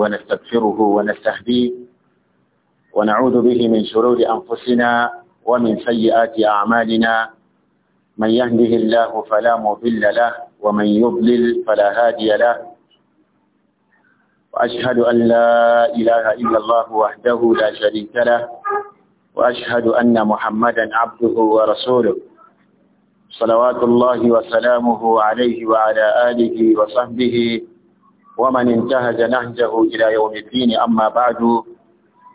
ونستغفره ونستهديه ونعوذ به من شرور أنفسنا ومن سيئات أعمالنا من يهده الله فلا مضل له ومن يضلل فلا هادي له وأشهد أن لا إله إلا الله وحده لا شريك له وأشهد أن محمدا عبده ورسوله صلوات الله وسلامه عليه وعلى آله وصحبه ومن انتهج نهجه إلى يوم الدين أما بعد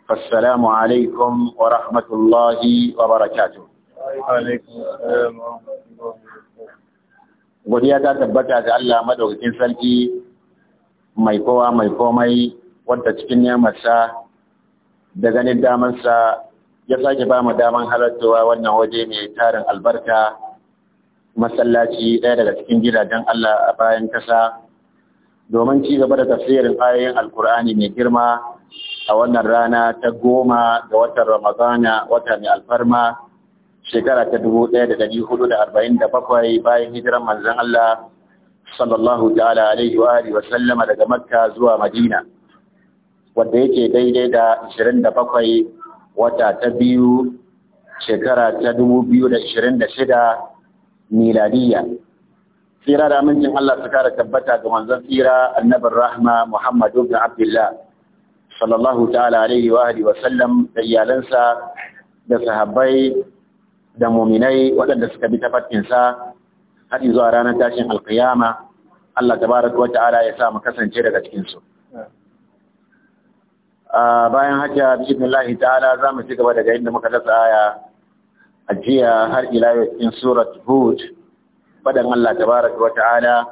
فالسلام عليكم ورحمة الله وبركاته godiya ta tabbata ga Allah madaukakin sarki mai kowa mai komai wadda cikin nemarsa da ganin damarsa ya sake ba mu daman halartowa wannan waje mai tarin albarka masallaci ɗaya daga cikin gidajen Allah a bayan kasa domin ci gaba da tafsirin ayoyin alkur'ani mai girma a wannan rana ta goma ga watan ramadana wata mai alfarma shekara ta dubu ɗaya da ɗari hudu da arba'in da bakwai bayan hijiran manzan Allah sallallahu ta'ala alaihi wa alihi wa sallama daga makka zuwa madina wanda yake daidai da ashirin da bakwai wata ta biyu shekara ta dubu biyu da ashirin da shida miladiyya tsira da amincin Allah su kara tabbata ga manzon tsira annabin rahma Muhammadu bin Abdullah sallallahu ta'ala alaihi wa alihi wa sallam da iyalansa da sahabbai da muminai waɗanda suka bi tafarkin sa har zuwa ranar tashin alkiyama Allah tabaraka wa ta'ala ya sa mu kasance daga cikin su bayan haka bismillah ta'ala za mu ci gaba daga inda muka dasa a jiya har ila yau surat hud فدن الله تبارك وتعالى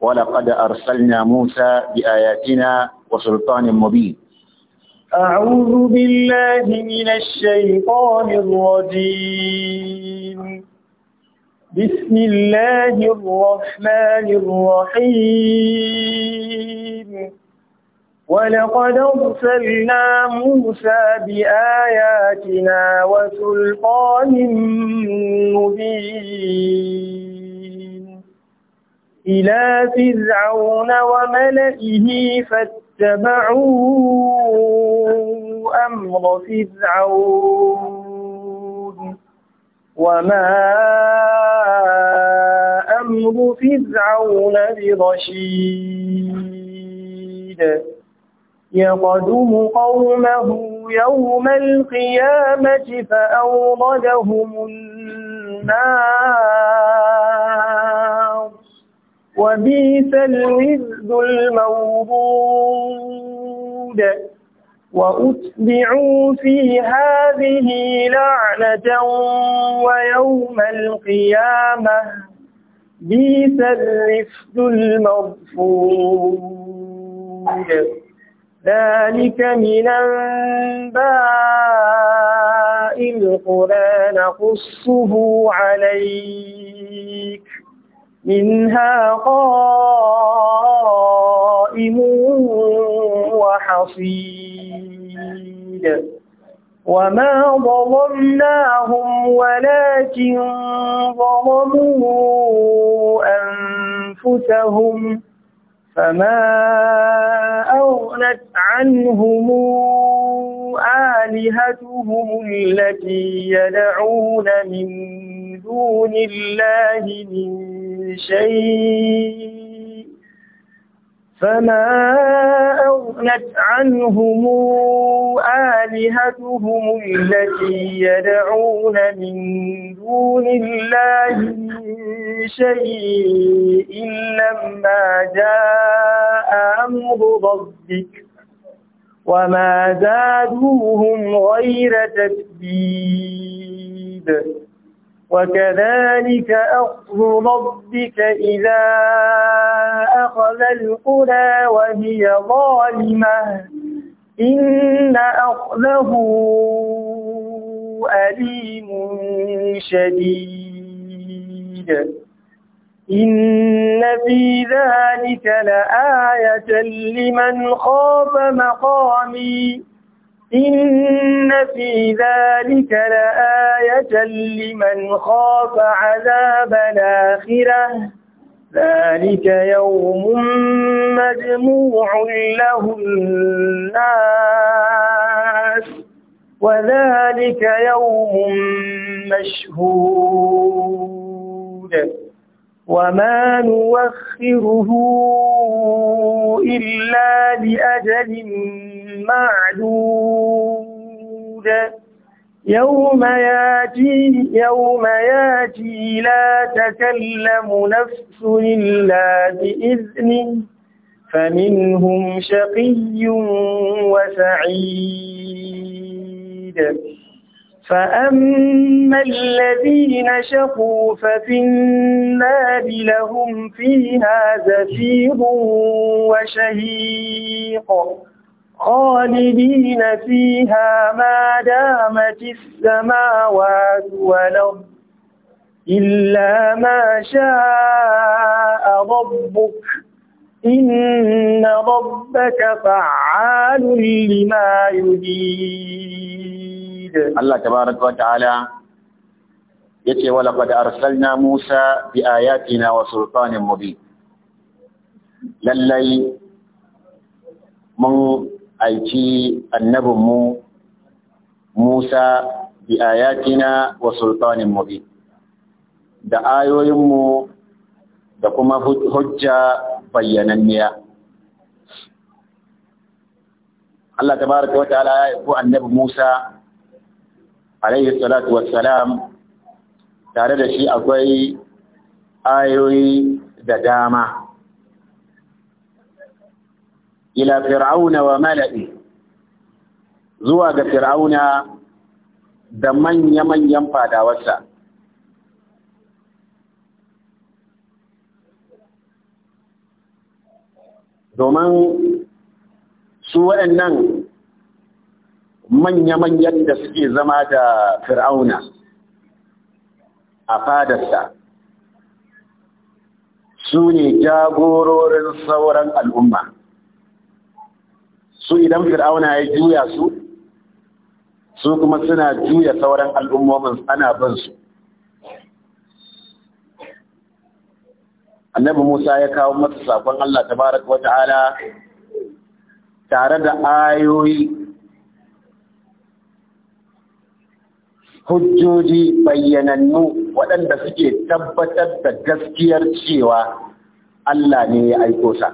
ولقد أرسلنا موسى بآياتنا وسلطان مبين أعوذ بالله من الشيطان الرجيم بسم الله الرحمن الرحيم ولقد أرسلنا موسى بآياتنا وسلطان مبين إلى فرعون وملئه فاتبعوا أمر فرعون وما أمر فرعون برشيد يقدم قومه يوم القيامة فأوردهم النار وبئس الوزد الموضود وأتبعوا في هذه لعنة ويوم القيامة بئس الرفد المرفود ذلك من أنباء القرآن نقصه عليك منها قائم وحصيد وما ظلمناهم ولكن ظلموا أنفسهم فما أغنت عنهم آلهتهم التي يدعون من دون الله من شيء فما أغنت عنهم آلهتهم التي يدعون من دون الله من شيء لما جاء أمر ربك وما زادوهم غير تكبير وكذلك أخذ ربك إذا أخذ القرى وهي ظالمة إن أخذه أليم شديد إن في ذلك لآية لمن خاف مقامي إن في ذلك لآية لمن خاف عذاب الآخرة ذلك يوم مجموع له الناس وذلك يوم مشهود وما نوخره إلا لأجل معدود يوم ياتي يوم ياتي لا تكلم نفس إلا بإذنه فمنهم شقي وسعيد فأما الذين شقوا ففي النار لهم فيها زفير وشهيق خالدين فيها ما دامت السماوات والأرض إلا ما شاء ربك إن ربك فعال لما يريد Allah tabaraka wa ta'ala yace wa laqad arsalna Musa bi ayatina wa sultanin mubin lallai mun aiki mu Musa bi ayatina wa sultanin mubin da ayoyin mu da kuma hujja bayyananniya. Allah tabaraka wa ta'ala ya ku annabi Musa alaihi salatu wassalam tare da shi akwai ayoyi da dama ila fir'auna wa mala'i zuwa ga fir'auna da manya-manyan fadawarsa domin su waɗannan manya-manyan da suke zama da fir'auna a fadarsa su ne jagororin sauran al'umma su idan fir'auna ya juya su su kuma suna juya sauran al'ummomin ana bin su annabi musa ya kawo masa sakon allah tabaraka ta'ala tare da ayoyi hujjoji bayyanannu waɗanda suke tabbatar da gaskiyar cewa Allah ne ya aiko sa.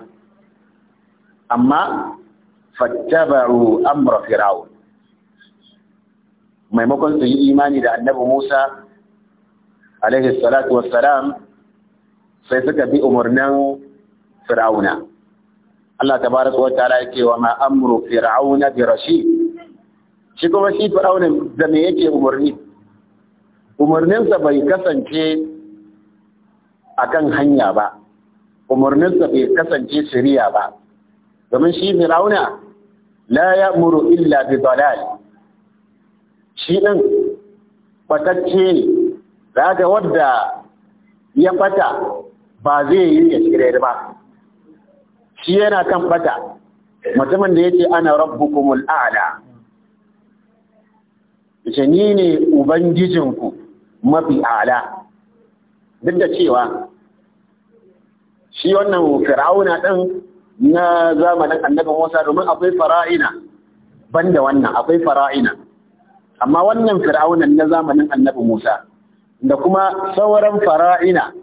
Amma, fattabaru amra firawun. Maimakon su yi imani da annabi Musa, alaihi salatu wassalam, sai suka bi umarnin firawuna. Allah ta baraka wa ta'ala yake wa ma amru fir'auna bi rashid shi kuma shi fir'aunin da me yake umarni umarninsa bai kasance akan hanya ba umarninsa bai kasance shari'a ba domin shi fir'auna la ya'muru illa bi dalal shi din batacce ne ga wadda ya bata ba zai yi ya shirya ba shi yana kan bata mutumin da yake ana rabbukumul a'la ce ni ne ubangijinku mafi ala duk da cewa shi wannan fir'auna din na zamanin annabi Musa domin akwai fara'ina banda wannan akwai fara'ina amma wannan fir'aunan na zamanin annabi Musa da kuma sauran fara'ina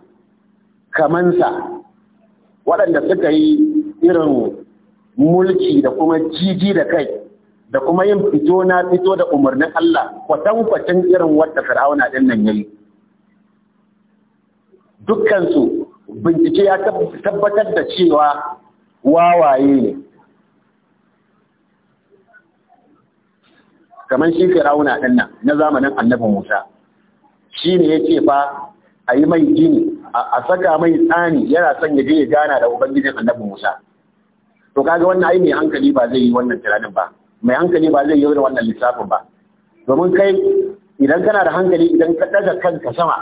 kamansa waɗanda suka yi irin mulki da kuma jiji da kai da kuma yin fito na fito da umarnin Allah kwatan-kwatan irin wadda fir'auna din nan yayi dukkansu bincike ya tabbatar da cewa wawaye ne kamar shi fir'auna din nan na zamanin annabi Musa shi ne ya ce fa a yi mai gini a saka mai tsani yana son ya je ya gana da ubangijin annabi Musa to kaga wannan ai mai hankali ba zai yi wannan tunanin ba mai hankali ba zai yi da wannan lissafin ba domin kai idan kana da hankali idan ka daga kanka sama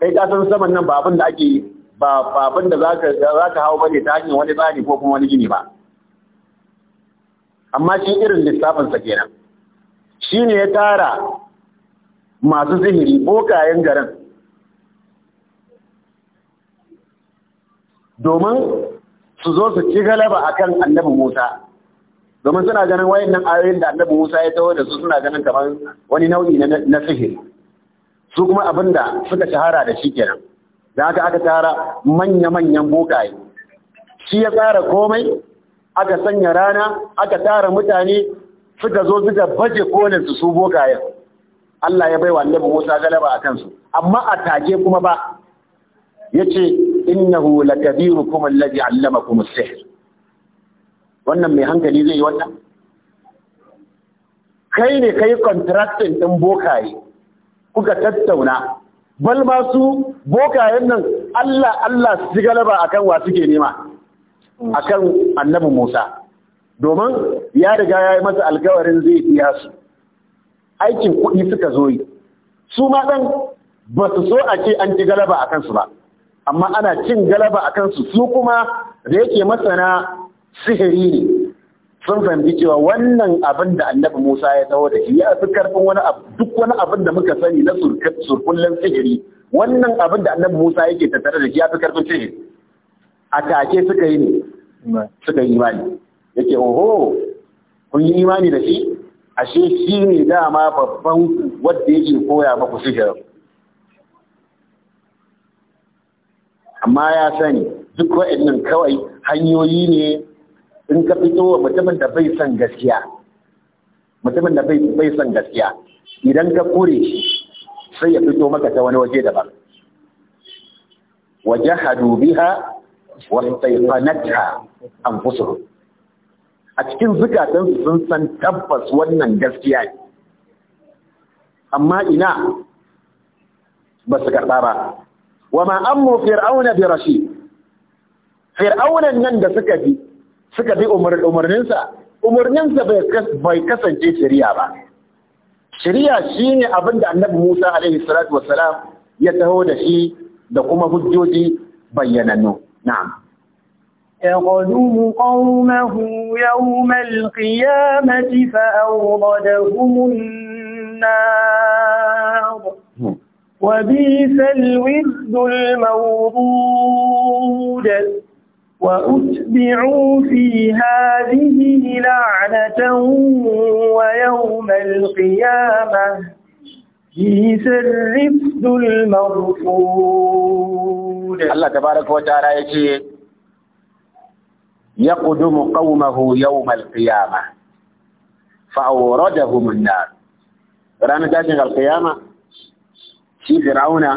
kai ka san saman nan ba abin da ake ba abin da za ka hau bane ta hanyar wani tsari ko kuma wani gini ba amma shi irin lissafin sa kenan ne ya tara masu zihiri bokayen garin domin su zo su ci galaba akan annabi Musa domin suna ganin wayan nan ayoyin da annabi Musa ya taho da su suna ganin kamar wani nau'i na sihiri su kuma abin da suka shahara da shi kenan dan haka aka tara manya-manyan bokaye shi ya tsara komai aka sanya rana aka tara mutane suka zo suka baje kolin su su bokayen Allah ya bai wa annabi Musa galaba a kansu amma a take kuma ba yace innahu lakabirukum alladhi allamakum as-sihr wannan mai hankali zai yi wannan kai ne kai contracting ɗin bokaye kuka tattauna bal ma su bokayen nan Allah Allah su galaba akan wa suke nema akan annabi Musa domin ya riga ya yi masa alkawarin zai biya su aikin kuɗi suka zo yi su ma ɗan ba su so a ce an ci galaba a kansu ba amma ana cin galaba a kansu su kuma da yake masana sihiri ne sun fahimci cewa wannan abin da annabi Musa ya taho da shi ya fi karfin wani abu duk wani abin da muka sani na surkullen sihiri wannan abin da annabi Musa yake tattare da shi ya fi karfin sihiri a take suka yi ne suka yi imani yake oho kun yi imani da shi ashe shi ne dama babban wadda yake koya maku sihirin amma ya sani duk wa'annan kawai hanyoyi ne in ka fito wa mutumin da bai son gaskiya mutumin da bai son gaskiya idan ka kure shi sai ya fito maka ta wani waje daban wajahadu biha an fusuru. a cikin zukatansu sun san tabbas wannan gaskiya ne amma ina ba su karɓa ba wa ma'ammu fir'auna bi rashi fir'aunan nan da suka fi suka bi umarninsa umarninsa bai kasance shari'a ba shari'a shine abin da annabi Musa alaihi salatu wasalam ya taho da shi da kuma hujjoji bayyanannu na'am يقدم قومه يوم القيامة فأوردهم النار وبئس وأتبعوا في هذه لعنة ويوم القيامة في سر المرفود الله تبارك وتعالى يجي يقدم قومه يوم القيامة فأوردهم النار رانا تاشن القيامة شي فرعون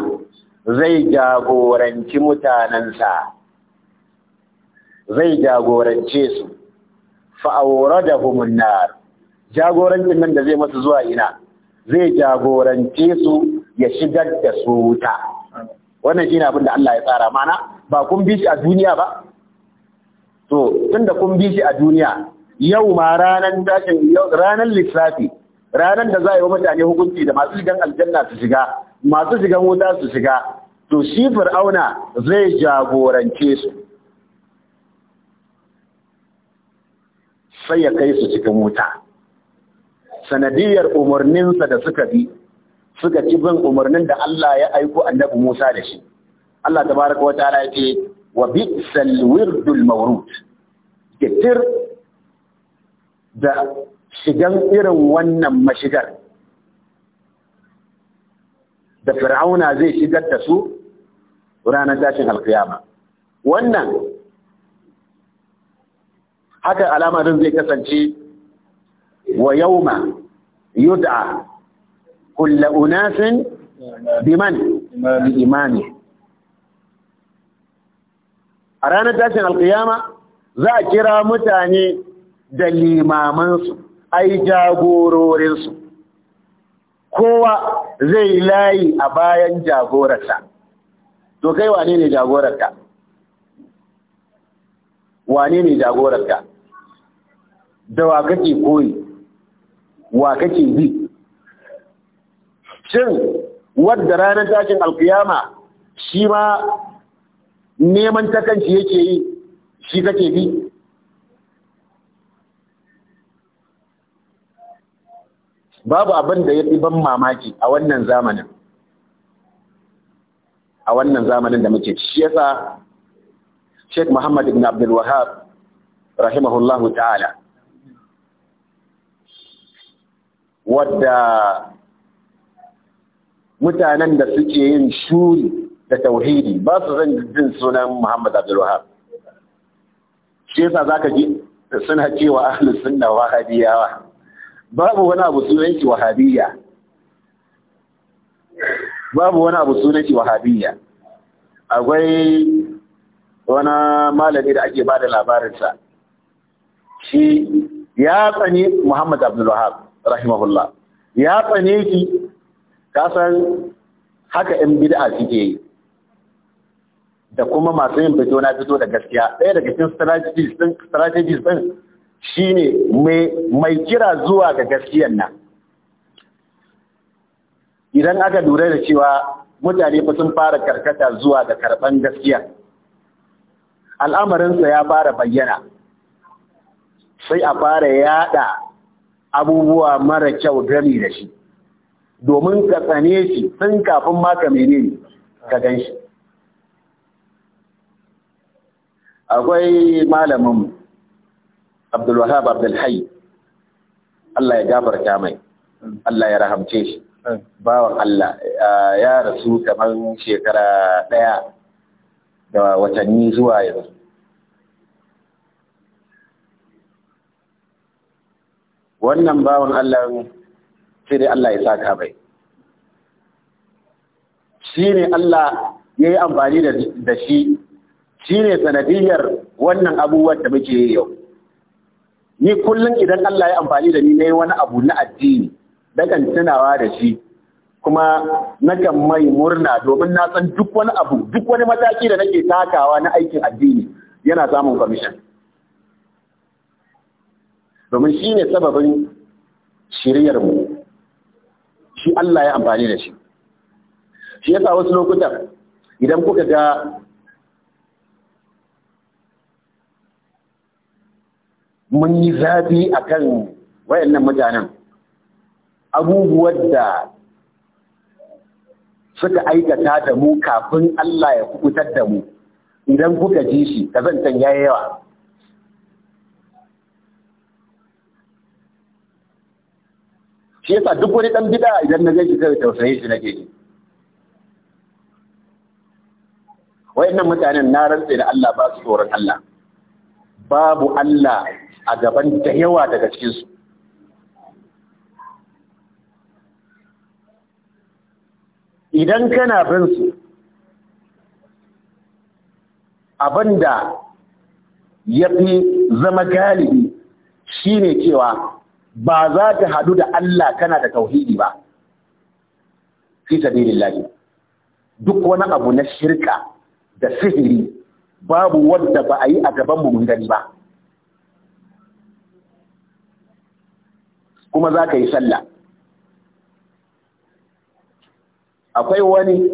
زي جابورا متاننسا zai jagorance su fa'awradahum da nar jagorancin nan da zai masu zuwa ina zai jagorance su ya shigar da su wuta wannan shine abin da Allah ya tsara mana ba kun bi shi a duniya ba to tunda kun bi shi a duniya yau ma ranar tashin ranar lissafi ranar da za a yi wa mutane hukunci da masu shigan aljanna su shiga masu shigan wuta su shiga to shi fir'auna zai jagorance su sai ya kai su cikin wuta sanadiyar umarninsa da suka bi suka ci bin umarnin da Allah ya aiko annabi Musa da shi Allah tabaraka wataala ce wa bi'sal wirdul mawrud kitir da shigan irin wannan mashigar da fir'auna zai shigar da su ranar tashin alkiyama wannan haka alamarin zai kasance wa yauma yud'a kullu unasin biman imani a ranar tashin alkiyama za a kira mutane da limamansu ai jagororinsu kowa zai layi a bayan jagorarsa to kai wane ne jagorarka wane ne jagorarka da wa kake koyi wa kake bi shin wadda ranar tashin alkiyama shi ma neman takanci yake yi shi kake bi babu abin da ya fi ban mamaki a wannan zamanin a wannan zamanin da muke shi yasa Sheikh Muhammad ibn Abdul Wahhab rahimahullahu ta'ala wadda mutanen da suke yin shuri da tauhidi ba su zan jin sunan Muhammad Abdul Wahab shi yasa zaka ji suna cewa ahlus sunna wahabiyawa babu wani abu sunan shi wahabiyya babu wani abu sunan wahabiyya akwai wani malami da ake bada labarinsa shi ya tsani Muhammad Abdul Wahab rahimahullah ya tsane ki kasan haka in bid'a suke yi da kuma masu yin fito na fito da gaskiya ɗaya daga cikin strategies din strategies din shine mai kira zuwa ga gaskiyan nan idan aka lura da cewa mutane ba sun fara karkata zuwa ga karban gaskiya al'amarinsa ya fara bayyana sai a fara yada abubuwa mara kyau gani da shi domin ka tsane shi sun kafin maka ka menene ka gan shi akwai malamin abdulwahab abdulhai Allah ya gafarta mai Allah ya rahamce shi bawan Allah ya rasu kamar shekara ɗaya da watanni zuwa yanzu wannan bawan Allah sai dai Allah ya saka bai shi ne Allah ya yi amfani da shi shi ne sanadiyar wannan abubuwan da muke yi yau ni kullum idan Allah ya amfani da ni na yi wani abu na addini dakan tunawa da shi kuma nakan mai murna domin na san duk wani abu duk wani mataki da nake takawa na aikin addini yana samun commission domin shi ne sababin shiryarmu shi Allah ya amfani da shi shi yasa wasu lokuta idan kuka ga mun yi zafi a kan wayannan mutanen abubuwan da suka aikata da mu kafin Allah ya kubutar da mu idan kuka ji shi kazantan yayi yawa shi yasa duk wani dan bid'a idan na gaishe kai tausayi shi nake ji wayannan mutanen na rantse da Allah ba su tsoron Allah babu Allah a gaban da yawa daga cikin su idan kana bin su abinda ya fi zama galibi shine cewa ba za ta haɗu da Allah kana da tauhidi ba fi sabilillahi duk wani abu na shirka da sihiri babu wanda ba a yi a gaban mu mun gani ba kuma za ka yi sallah akwai wani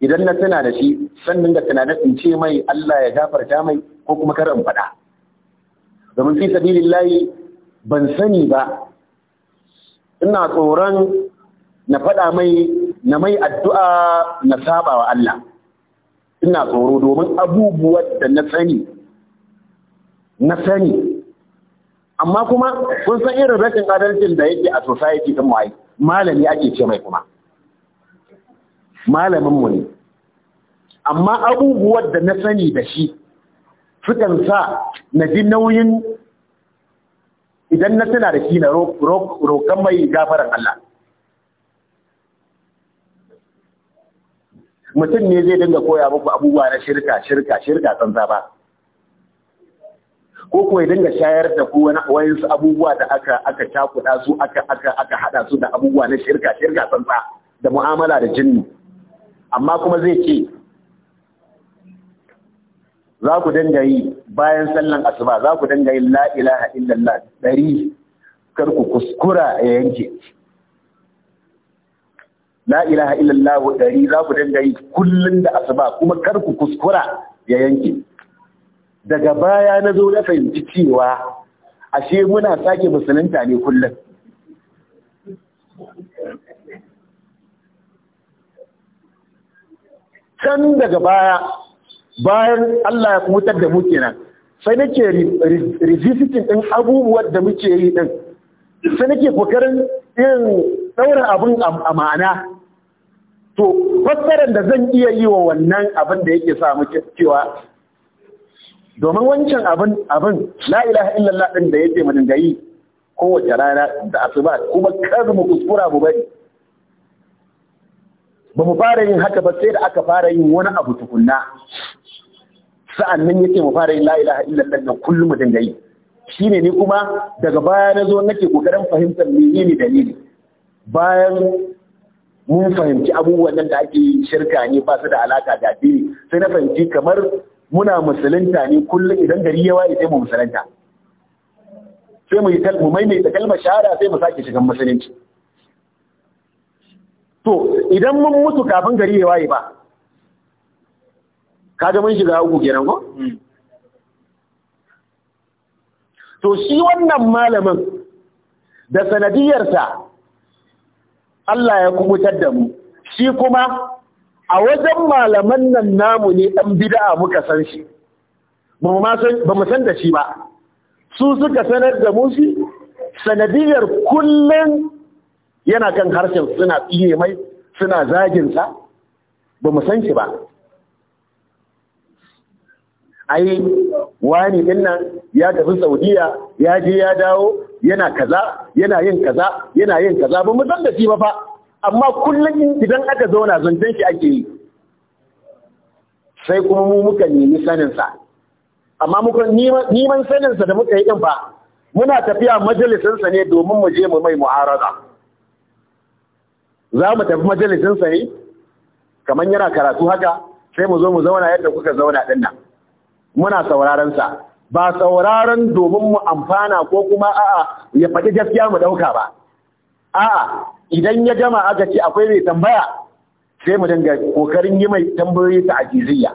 idan na tuna da shi sannan da tunanin in ce mai Allah ya gafarta mai ko kuma kar in faɗa domin fi layi ban sani ba ina tsoron na faɗa mai na mai addu'a na saba wa Allah ina tsoro domin abubuwan da na sani na sani amma kuma kun san irin rashin adalcin da yake a society din mai malami ake ce mai kuma malamin mu ne amma abubuwan da na sani da shi sukan sa na ji nauyin idan na tana da shi na roƙon mai gafarar Allah. Mutum ne zai dinga koya muku abubuwa na shirka, shirka, shirka tsantsa ba. Ko kuwa ya dinga shayar da ku wayansu abubuwa da aka aka cakuɗa su aka aka aka haɗa su da abubuwa na shirka, shirka tsantsa da mu'amala da jinnu. Amma kuma zai ce za ku dinga yi bayan sallan asuba za ku dinga yi la ilaha illallah ɗari kar ku kuskura ya yanke la ilaha illallah ɗari za ku dinga yi kullum da asuba kuma kar ku kuskura ya yanke daga baya na zo na fahimci cewa ashe muna sake musulunta ne kullum can daga baya bayan Allah ya kutar da mu kenan sai nake revisiting din abubuwan da muke yi din sai nake kokarin irin daura abin a ma'ana to fassarar da zan iya yi wa wannan abin da yake sa muke cewa domin wancan abin abin la ilaha illallah din da yake mun gayi kowace rana da asuba kuma kar mu kuskura mu bari ba mu fara yin haka ba sai da aka fara yin wani abu tukunna sa'an nan yake mu fara yin la ilaha illallah nan kullum da dinga yi ne ni kuma daga baya na zo nake kokarin fahimtar menene dalili bayan mun fahimci abubuwan nan da ake shirka ne ba su da alaka da addini sai na fahimci kamar muna musulunta ne kullum idan gari ya waye sai mu musulunta sai mu yi mu maimaita kalmar shahada sai mu sake shigan musulunci to idan mun mutu kafin gari ya waye ba kaga mun shiga uku kenan ko hmm. to shi wannan malamin da sa Allah ya kubutar da mu shi kuma a wajen malaman nan namu ne ɗan bida'a muka san shi ba mu san da shi ba su suka sanar da mu shi sanadiyar kullum yana kan harshen suna tsiye mai suna zaginsa ba mu san shi ba ai wani din nan ya tafi saudiya ya je ya dawo yana kaza yana yin kaza yana yin kaza ba mu san da shi ba fa amma kullum idan aka zauna zancen shi ake yi sai kuma mu muka nemi saninsa amma muka neman saninsa da muka yi din ba muna tafiya majalisinsa ne domin mu je mu mai mu'arada za mu tafi majalisinsa ne kamar yana karatu haka sai mu zo mu zauna yadda kuka zauna din nan muna sauraron sa ba sauraron domin mu amfana ko kuma a'a ya faɗi gaskiya mu ɗauka ba a'a idan ya gama aka ce akwai mai tambaya sai mu dinga kokarin yi mai tambayoyi ta ajiziyya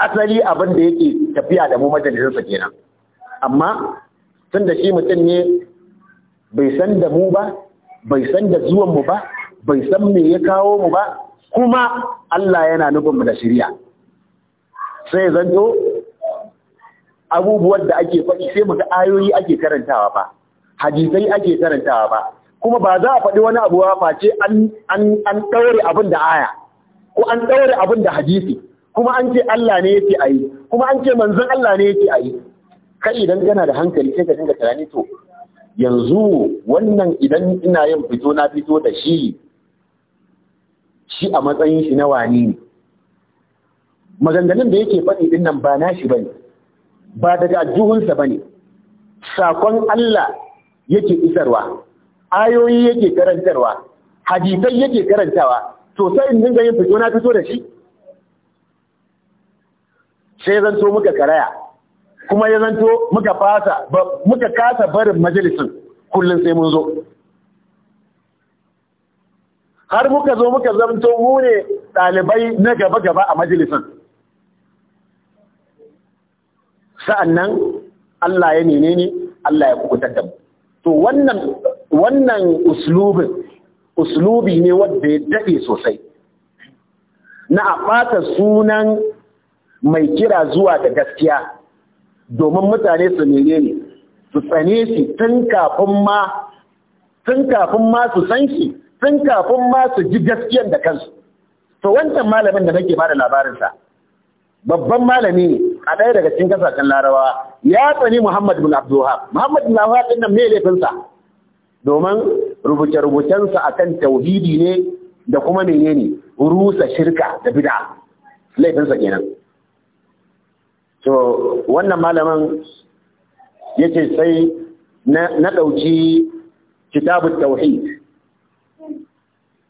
asali abin da yake tafiya da mu majalisarsa kenan amma tun da shi mutum ne bai san da mu ba bai san da zuwan mu ba bai san me ya kawo mu ba kuma Allah yana nufin mu da shirya sai zanto abubuwan da ake faɗi sai mu ga ayoyi ake karantawa ba hadisai ake karantawa ba kuma ba za a faɗi wani abu ba face an daure abin da aya ko an daure abin da hadisi kuma an ce Allah ne yake ayi kuma an ce manzon Allah ne yake ayi kai idan kana da hankali sai ka dinga tunani to yanzu wannan idan ina yin fito na fito da shi shi a matsayin shi na wani ne maganganun da yake faɗi din nan ba nashi bane ba daga ba bane sakon Allah yake isarwa ayoyi yake karantarwa hadisai yake karantawa to sai in dinga yin fito na fito da shi sai zan to muka karaya kuma ya zanto muka fasa muka kasa barin majalisin kullum sai mun zo har muka zo muka zanto mu ne ɗalibai na gaba-gaba a majalisin sa'annan Allah ya nene ne Allah ya kubutar da mu to wannan wannan uslubin uslubi ne wanda ya dade sosai na a ɓata sunan mai kira zuwa da gaskiya domin mutane su nene ne su tsane shi tun kafin ma tun kafin ma su san shi tun kafin ma su ji gaskiyar da kansu to wancan malamin da nake bada labarinsa babban malami ne a ɗaya daga cikin kasashen larabawa ya tsani Muhammad bin Abdulwahab Muhammad bin Abdulwahab din nan me laifinsa domin rubuce-rubucensa akan tauhidi ne da kuma menene rusa shirka da bid'a laifinsa kenan to wannan malamin yace sai na ɗauki kitabun tauhid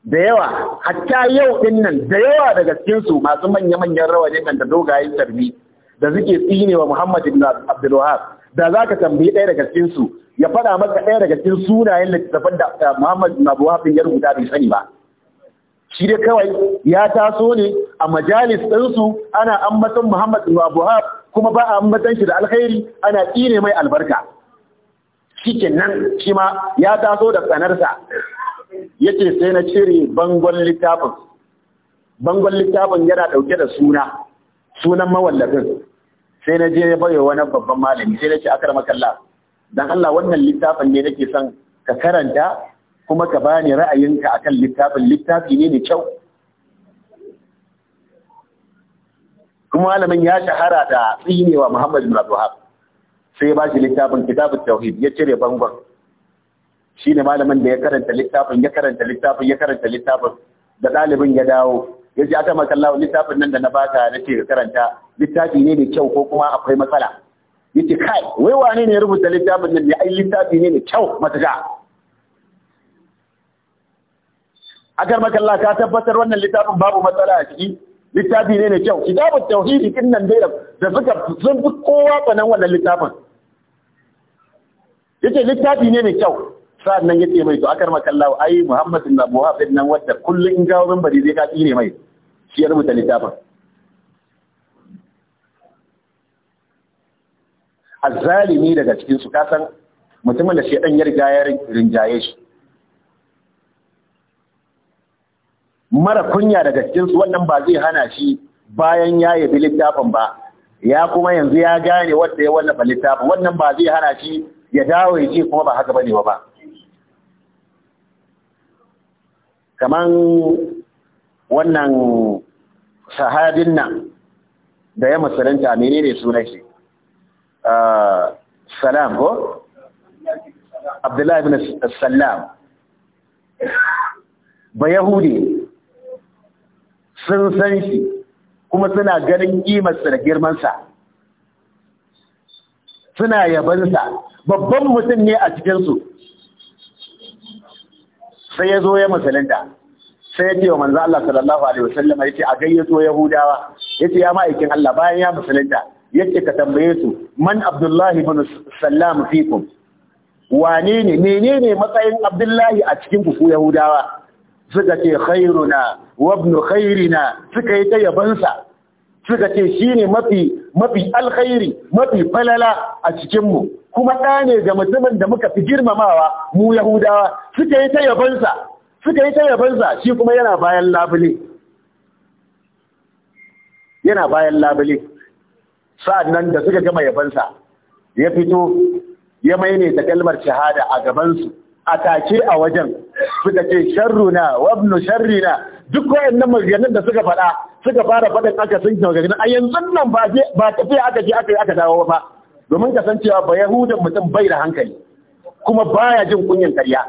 da yawa hatta yau din nan da yawa daga cikinsu masu manya-manyan rawanin da dogayen tarbi da suke tsine wa Muhammad ibn Abdul Wahab da zaka tambayi ɗaya daga cikin su ya faɗa maka ɗaya daga cikin sunayen littafin da eh, Muhammad ibn Abdul Wahab ya rubuta bai sani ba shi dai kawai ya taso ne a majalis ɗinsu ana ambaton Muhammad ibn Abdul Wahab kuma ba a ambaton shi da alkhairi ana tsine mai albarka shikenan shi ma ya taso da tsanarsa yace sai na cire bangon littafin bangon littafin yana ɗauke da suna sunan mawallafin sai na je baiwa wani babban malami sai na ce akar makalla dan Allah wannan littafin ne nake son ka karanta kuma ka bani ra'ayinka akan littafin littafi ne mai kyau kuma malamin ya shahara da tsinewa Muhammad bin Abdulhab sai ba shi littafin kitabut tauhid ya cire bangon shi ne malamin da ya karanta littafin ya karanta littafin ya karanta littafin da ɗalibin ya dawo ya ji aka makallawa littafin nan da na baka na ce ka karanta littafi ne da kyau ko kuma akwai matsala yace kai wai wane ne ya rubuta littafin nan ne ai littafi ne da kyau matuka akar makalla ka tabbatar wannan littafin babu matsala a ciki littafi ne da kyau kitabut tauhidi din nan dai da suka sun fi kowa banan wannan littafin yace littafi ne da kyau sa'an nan yace mai to akar makalla ai muhammadin abu hafid nan wanda kullun in gawo bari zai ka tsire mai shi ya rubuta littafin azalimi daga cikin su ka san mutumin da shedan ya riga ya rinjaye shi mara kunya daga cikin su wannan ba zai hana shi bayan ya yi littafin ba ya kuma yanzu ya gane wanda ya wallafa littafin wannan ba zai hana shi ya dawo ya ce kuma ba haka bane ba kaman wannan sahabin nan da ya musulunta menene sunan shi salam ko abdullahi ibn salam ba yahudi sun san shi kuma suna ganin ƙimarsa da girmansa suna yabansa babban mutum ne a cikinsu sai ya zo ya musulunta sai ya ce wa manzo Allah sallallahu alaihi wasallam ya ce a gayyato yahudawa ya ce ya ma'aikin Allah bayan ya musulunta yake ka tambaye su man abdullahi ibn sallam fikum wane ne menene matsayin abdullahi a cikin ku yahudawa suka ce khairuna wa ibn khairina suka yi ta yabansa suka ce shine mafi mafi alkhairi mafi falala a cikin mu kuma ɗa ne ga mutumin da muka fi girmamawa mu yahudawa suka yi ta sa suka yi ta yabansa shi kuma yana bayan labule yana bayan labule sa'annan da suka gama yabansa ya fito ya maimaita kalmar shahada a gabansu a take a wajen suka ce sharruna wabnu sharrina duk wayannan maganganun da suka faɗa suka fara faɗin aka sun maganganun a yanzu nan ba ba tafiya aka je aka yi aka dawo ba domin ka san cewa ba yahudan mutum bai da hankali kuma baya jin kunyan karya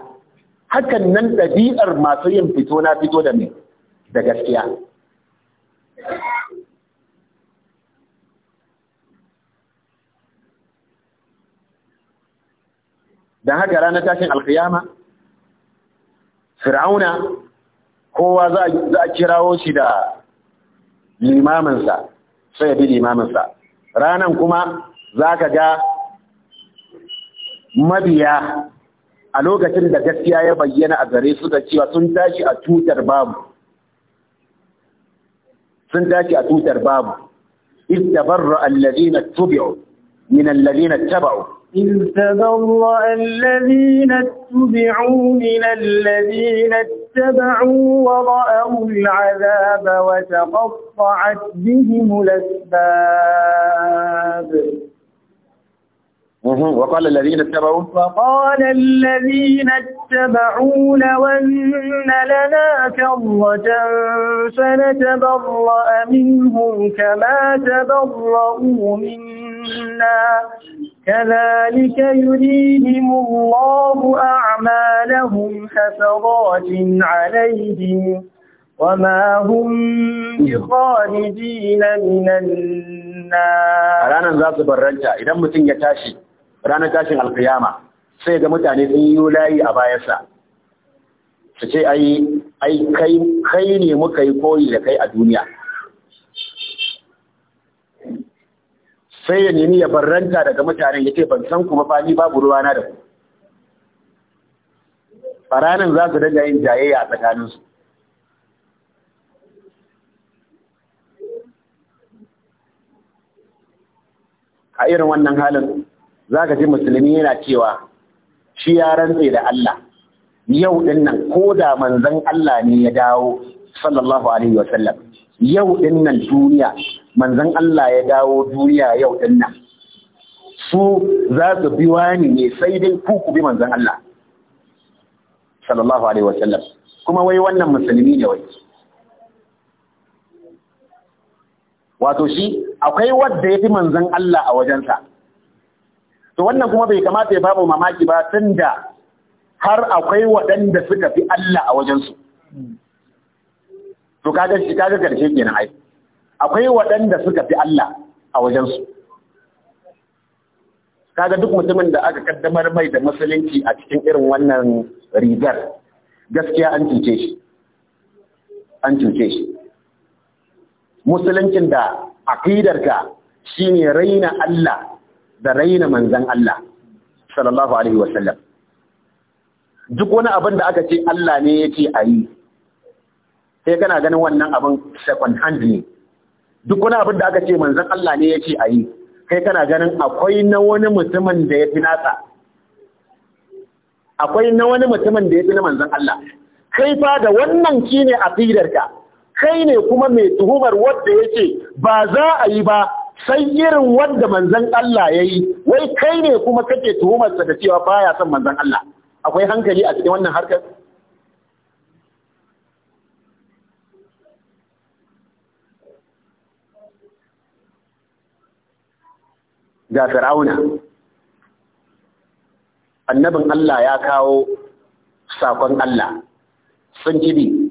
hakan nan ɗabi'ar masu yin fito na fito da me da gaskiya don haka ranar tashin alkiyama fir'auna kowa za a kirawo shi da limaminsa sai ya bi limaminsa ranan kuma za ka ga mabiya a lokacin da gaskiya ya bayyana a gare su da cewa sun tashi a tutar babu sun tashi a tutar babu barra allazina tubi'u min allazina taba'u إذ تبرأ الذين اتبعوا من الذين اتبعوا ورأوا العذاب وتقطعت بهم الأسباب وقال الذين اتبعوا وقال الذين اتبعوا لو أن لنا كرة فنتبرأ منهم كما تبرأوا منا كذلك يريهم الله أعمالهم حسرات عليهم وما هم بخارجين من النار الآن ذات برنجا إذا متن يتاشي ranar tashin alkiyama sai ga mutane sun yi layi a bayansa su ce ai kai ne muka yi koyi da kai a duniya sai ya nemi ya barranta daga mutanen ya ce ban san kuma ba ni babu ruwana da ku faranin za su daga yin jayayya a tsakaninsu a irin wannan halin za ka ji musulmi yana cewa shi ya rantse da Allah yau din nan ko da manzan Allah ne ya dawo sallallahu alaihi wa sallam yau din nan duniya manzan Allah ya dawo duniya yau din nan su za su bi wani ne sai dai ku ku bi manzan Allah sallallahu alaihi wa sallam kuma wai wannan musulmi ne wai wato shi akwai wanda ya fi manzan Allah a wajensa to wannan kuma bai kamata ya babu mamaki ba tun da har akwai waɗanda suka fi Allah a wajensu to kaga shi kaga karshe kenan ai akwai waɗanda suka fi Allah a wajensu kaga duk mutumin da aka kaddamar mai da musulunci a cikin irin wannan rigar gaskiya an cuce shi an cuce shi musuluncin da shi shine raina Allah da raina manzan Allah sallallahu alaihi wasallam duk wani abin da aka ce Allah ne ya ce a yi sai kana ganin wannan abin second hand ne duk wani abin da aka ce manzan Allah ne ya ce a yi kai kana ganin akwai na wani mutumin da ya fi nasa akwai na wani mutumin da ya fi na manzan Allah kai fa da wannan a fidarka, kai ne kuma mai tuhumar wanda ce ba za a yi ba sai irin wanda manzon Allah ya yi, wai kai ne kuma kake tuhumarsa da cewa baya son manzan Allah akwai hankali a cikin wannan harkar ga fir'auna annabin Allah ya kawo sakon Allah sun kibi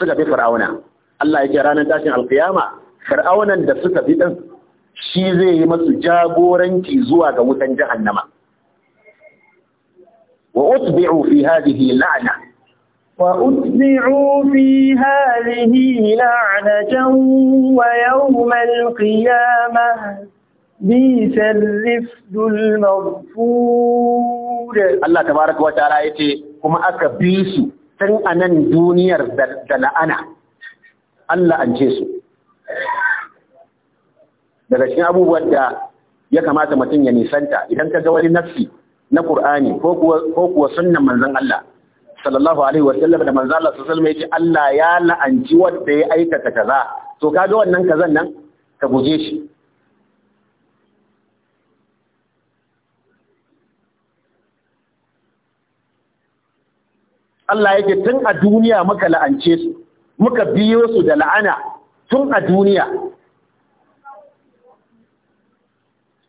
suka bi fir'auna Allah ya yake ranar tashin alkiyama fir'aunan da suka bi din shi zai yi masu jagoranci zuwa ga wutan jahannama wa utbi'u fi hadhihi la'na wa utbi'u fi hadhihi la'natan wa yawm qiyamah bisa rifdul maghfur Allah tabaaraka wa ta'ala yace kuma aka bi su tun anan duniyar da la'ana Allah an ce su daga cikin abubuwan da ya kamata mutum ya nisanta idan ka ga wani nafsi na Qur'ani ko kuwa sunnan manzon Allah sallallahu alaihi wa sallam da manzon Allah sallallahu alaihi wasallam Allah ya la'anci wanda ya aikata kaza to kaga wannan kazan nan ka guje shi Allah yake tun a duniya muka la'ance su muka biyo su da la'ana tun a duniya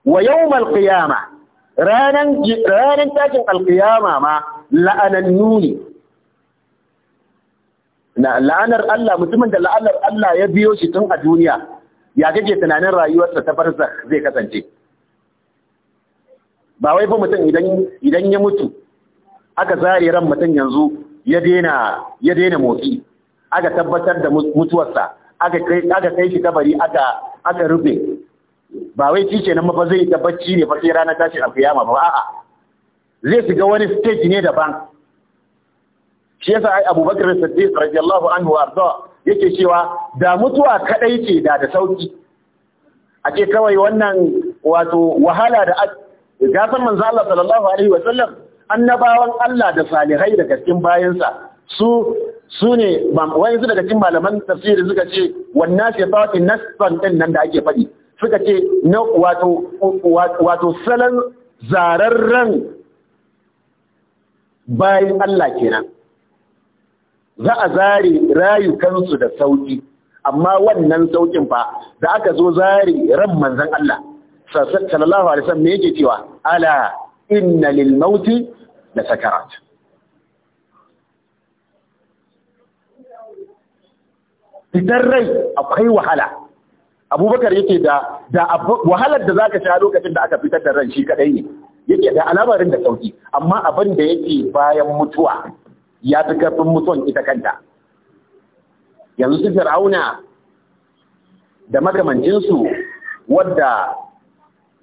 wa yau malƙiyama Ranar takin alƙiyama ma la'anannu ne na la'anar Allah mutumin da la'anar Allah ya biyo shi tun a duniya ya kake tunanin rayuwarsa ta barzakh zai kasance ba wai fi mutum idan ya mutu aka zare ran mutum yanzu ya daina motsi aka tabbatar da mutuwarsa aka kai shi kabari aka rufe ba wai shi kenan ba zai ta bacci ne fa sai rana tashi kiyama ba a'a zai shiga wani stage ne daban shi yasa ai Abubakar Siddiq radiyallahu anhu arda yake cewa da mutuwa kadai ce da da sauki a ce kawai wannan wato wahala da gafan manzo Allah sallallahu alaihi wa sallam annabawan Allah da salihai daga cikin bayansa su su ne wani su daga cikin malaman tafsiri suka ce wannan shaytanin nasban din nan da ake faɗi suka ce na wato wato salon zararren bayan Allah kenan za a zare rayukansu da sauki amma wannan saukin fa da aka zo zare ran manzon Allah sallallahu alaihi wasallam yake cewa ala inna lil mauti la sakarat idan rai akwai wahala abubakar yake da wahalar da zaka sha lokacin da aka fitar da ran shi kadai ne yake da alamarin da sauki amma abin da yake bayan mutuwa ya fi karfin mutuwan ita kanta yanzu su fir'auna da makamancinsu wadda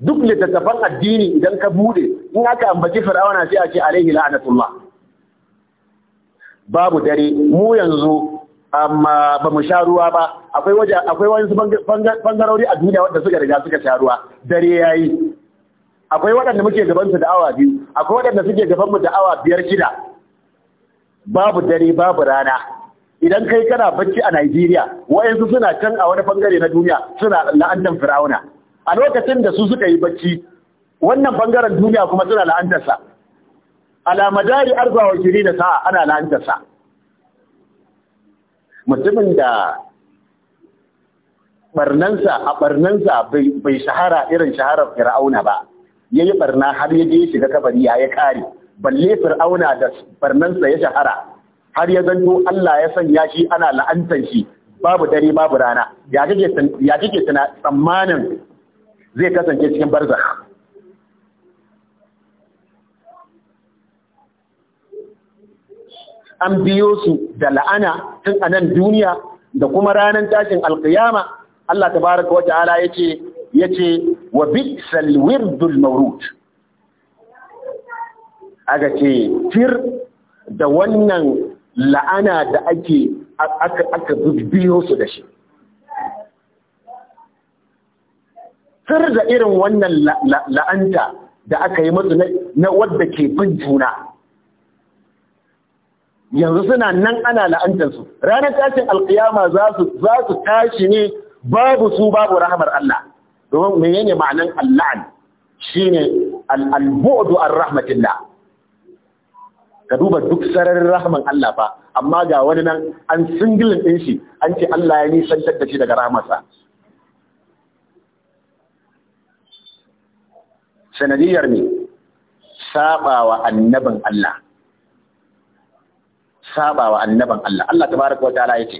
duk littattafan addini idan ka bude in aka ambaci fir'auna sai a ce alaihi la'anatullah babu dare mu yanzu amma ba mu sha ruwa ba akwai waje akwai wani bangarori a duniya wanda suka riga suka sha ruwa dare yayi akwai waɗanda muke gaban su da awa biyu akwai waɗanda suke gaban mu da awa biyar shida babu dare babu rana idan kai kana bacci a Najeriya wayansu suna can a wani bangare na duniya suna la'antar firawuna a lokacin da su suka yi bacci wannan bangaren duniya kuma suna la'antarsa alamadari arzawa kiri da sa'a ana sa' mutumin da barnansa a barnansa bai shahara irin shaharar fir'auna ba ya yi barna har ya je ya shiga kabari ya ya kare balle fir'auna da barnansa ya shahara har ya zanto Allah ya sanya shi ana la'antar shi babu dare babu rana ya kike tsammanin zai kasance cikin barzakh an biyo su da la'ana tun a nan duniya da kuma ranar tashin alkiyama Allah ta ala ya ce ya ce wa bi salwir dul maurut aga ce fir da wannan la'ana da ake aka biyo su da shi fir da irin wannan la'anta da aka yi musu na wadda ke bin juna yanzu suna nan ana la'antarsu ranar tashin alkiyama za su tashi ne babu su babu rahamar Allah domin menene ma'anan Allah shine al-bu'du an rahmatillah ka duba duk sararin rahaman Allah fa amma ga wani nan an singilin din shi an ce Allah ya nisantar da shi daga rahmarsa sanadiyar ne saɓawa annabin Allah saba wa annaban Allah. Allah ta baraka wa ta'ala ya ce.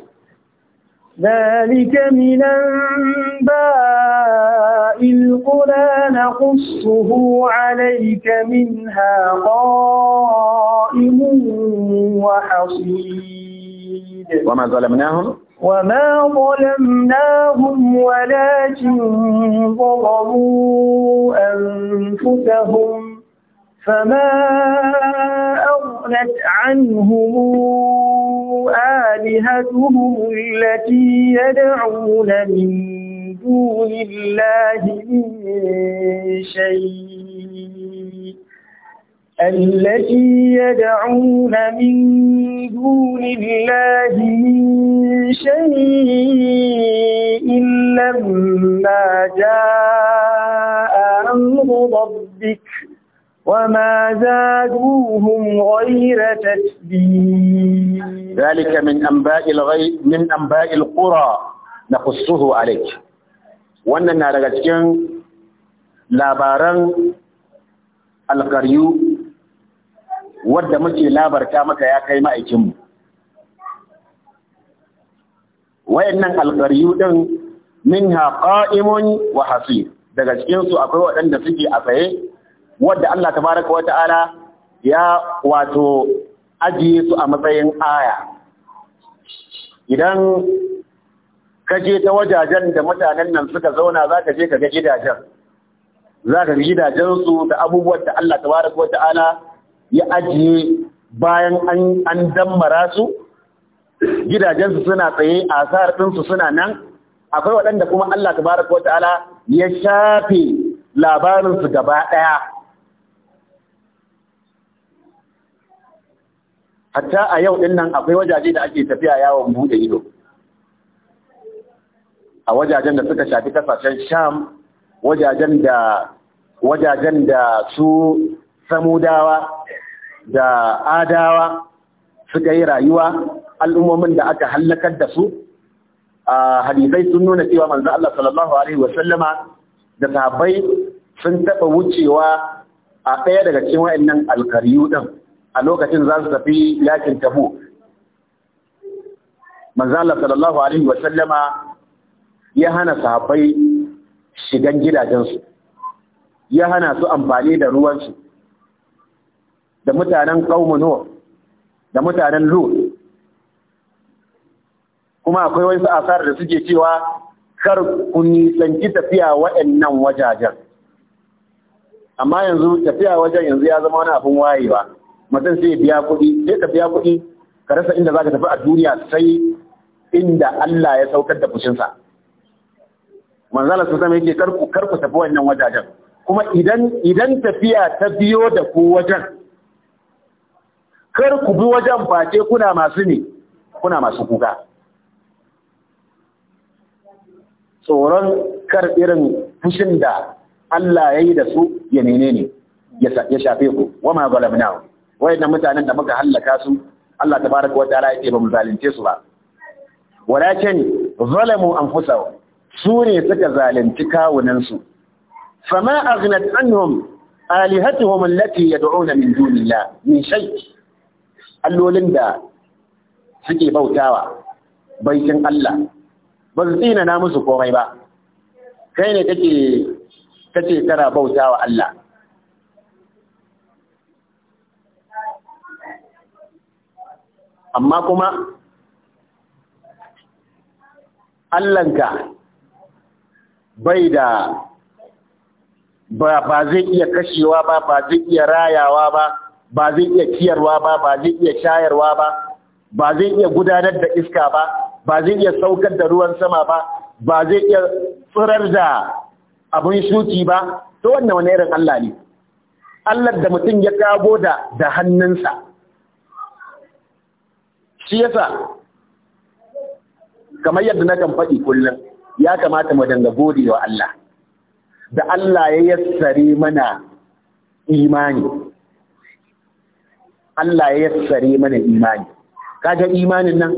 Zalika minan ba'il qura naqsuhu alayka minha qa'imun wa hasid. Wa ma zalamnahum وَمَا ظَلَمْنَاهُمْ وَلَكِنْ ظَلَمُوا أَنفُسَهُمْ فما أغنت عنهم آلهتهم التي يدعون من دون الله من شيء التي يدعون من دون الله من شيء لما جاء أمر ربك وما زادوهم غير تتبيب ذلك من أنباء الغيب من أنباء القرى نقصه عليك وأننا na daga cikin labaran alƙaryu wadda muke labarta maka ya kai ma'aikinmu. Wayannan alƙaryu ɗin min haƙa'imun wa hasi daga cikinsu akwai waɗanda suke a tsaye wadda Allah tabaraka wa ta'ala ya wato ajiye su a matsayin aya idan ka je ta wajajen da mutanen nan suka zauna za ka je ka ga gidajen za ka ga gidajensu da abubuwan da Allah tabaraka wa ta'ala ya ajiye bayan an dammara su gidajensu suna tsaye a ɗinsu suna nan akwai waɗanda kuma Allah tabaraka wa ta'ala ya shafe labarinsu gaba ɗaya hatta a yau ɗin nan akwai wajaje da ake tafiya yawon buɗe ido a wajajen da suka shafi kasashen sham wajajen da wajajen da su samudawa da adawa suka yi rayuwa al'ummomin da aka hallakar da su a hadisai sun nuna cewa manzo Allah sallallahu alaihi wasallama da sahabbai sun taɓa wucewa a ɗaya daga cikin wayannan alkariyu din a lokacin za su tafi yakin tabu manzala sallallahu alaihi wa ya hana sahabbai shigan gidajensu ya hana su amfani da ruwansu da mutanen ƙaumu da mutanen Lu. kuma akwai wasu asar da suke cewa kar ku nisanci tafiya waɗannan wajajen amma yanzu tafiya wajen yanzu ya zama wani abin wayewa mutum sai biya kuɗi sai ka biya kuɗi ka rasa inda za ka tafi a duniya sai inda Allah ya saukar da fushinsa manzala su zama yake kar ku tafi wannan wajajen kuma idan tafiya ta biyo da ku wajen kar ku bi wajen ce kuna masu ne kuna masu kuka tsoron kar irin fushin da Allah ya yi da su ya nene ne ya shafe ku wa ma wayannan mutanen da muka halaka su Allah tabaraka wa ta'ala yake ba mu zalunce su ba walakin zalamu anfusahum su ne suka zalunci kawunan su fama aghnat anhum alihatuhum allati yad'una min dunillah min shay allolin da suke bautawa baitin Allah ba su tsina na musu komai ba kai ne kake kake tara bautawa Allah amma kuma ka bai da ba zai iya kashewa ba ba zai iya rayawa ba ba zai iya ciyarwa ba ba zai iya shayarwa ba ba zai iya gudanar da iska ba ba zai iya saukar da ruwan sama ba ba zai iya tsirar da abin shuki ba to wannan wani irin Allah ne Allah da mutum ya kago da hannunsa shi yasa kamar yadda na kan faɗi kullum ya kamata mu danga gode wa Allah da Allah ya yassare mana imani Allah ya yassare mana imani kaga imanin nan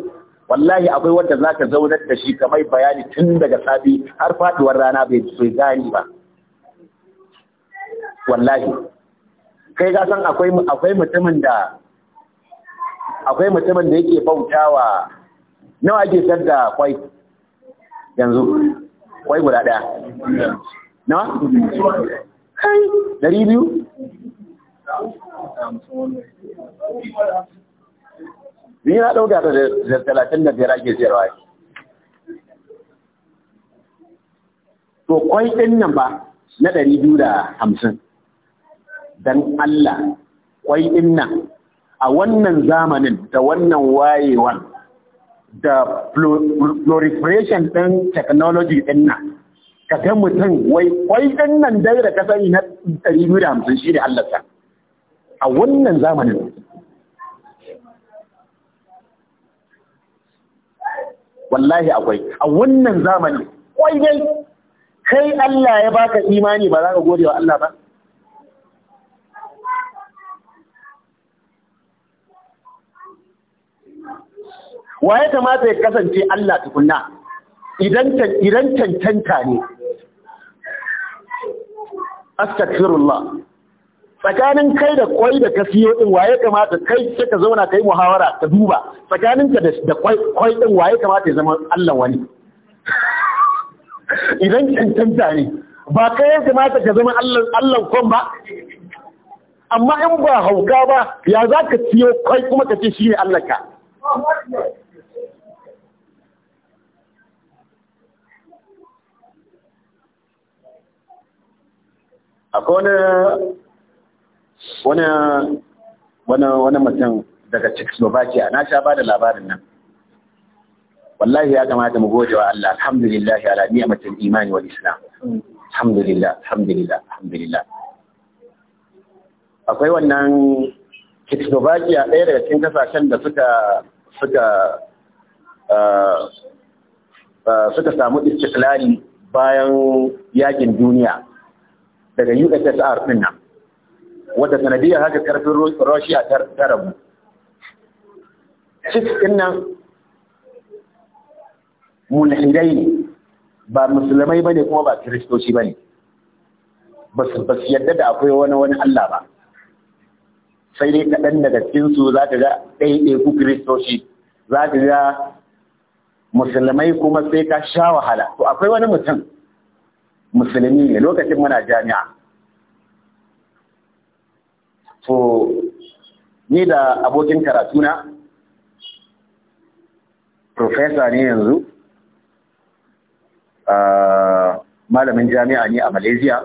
wallahi akwai wanda zaka zaunar da shi kamar bayani tun daga safi har faduwar rana bai so gani ba wallahi kai ga san akwai akwai mutumin da akwai mutumin da yake bautawa nawa ake sayar da kwai yanzu kwai guda ɗaya nawa dari biyu biyu na ɗauka da talatin da biyar ake sayarwa to kwai din nan ba na ɗari biyu da hamsin don Allah kwai din nan a wannan zamanin da wannan wayewan da proliferation ɗin technology ɗin nan ka ga mutum wai kwai ɗin nan dai da ka sani na ɗari biyu da hamsin shi ne Allah a wannan zamanin wallahi akwai a wannan zamanin, kwai dai kai Allah ya baka imani ba za ka gode wa Allah ba wa ya kamata ya kasance Allah tukunna idan cancanta ne astagfirullah tsakanin kai da kwai da ka siyo din waye kamata kai sai ka zauna kai muhawara ka duba tsakanin ka da kwai kwai din waye kamata ya zama Allah wani idan cancanta ne ba kai ya kamata ka zama Allah Allah kon ba amma in ba hauka ba ya za ka siyo kwai kuma ka ce shi ne Allah ka akwai wani wani wani mutum daga Czechoslovakia na sha bada labarin nan wallahi ya kamata mu gode wa Allah alhamdulillah ala ni'matil imani wal islam alhamdulillah alhamdulillah alhamdulillah akwai wannan Czechoslovakia ɗaya daga cikin kasashen da suka suka eh, eh, suka samu istiklali bayan yakin duniya daga USSR ɗin nan wadda sanadiyar haka karfin Russia ta rabu. Cik ɗin nan mulhidai ne ba musulmai ba ne kuma ba kiristoci ba ne ba su yadda da akwai wani wani Allah ba sai dai kaɗan daga cikinsu za ka ga ɗaiɗe ku kiristoci za ka ga musulmai kuma sai ka sha wahala to akwai wani mutum musulmi ne lokacin muna jami'a to ni da abokin karatuna profesa ne yanzu malamin jami'a ne a malaysia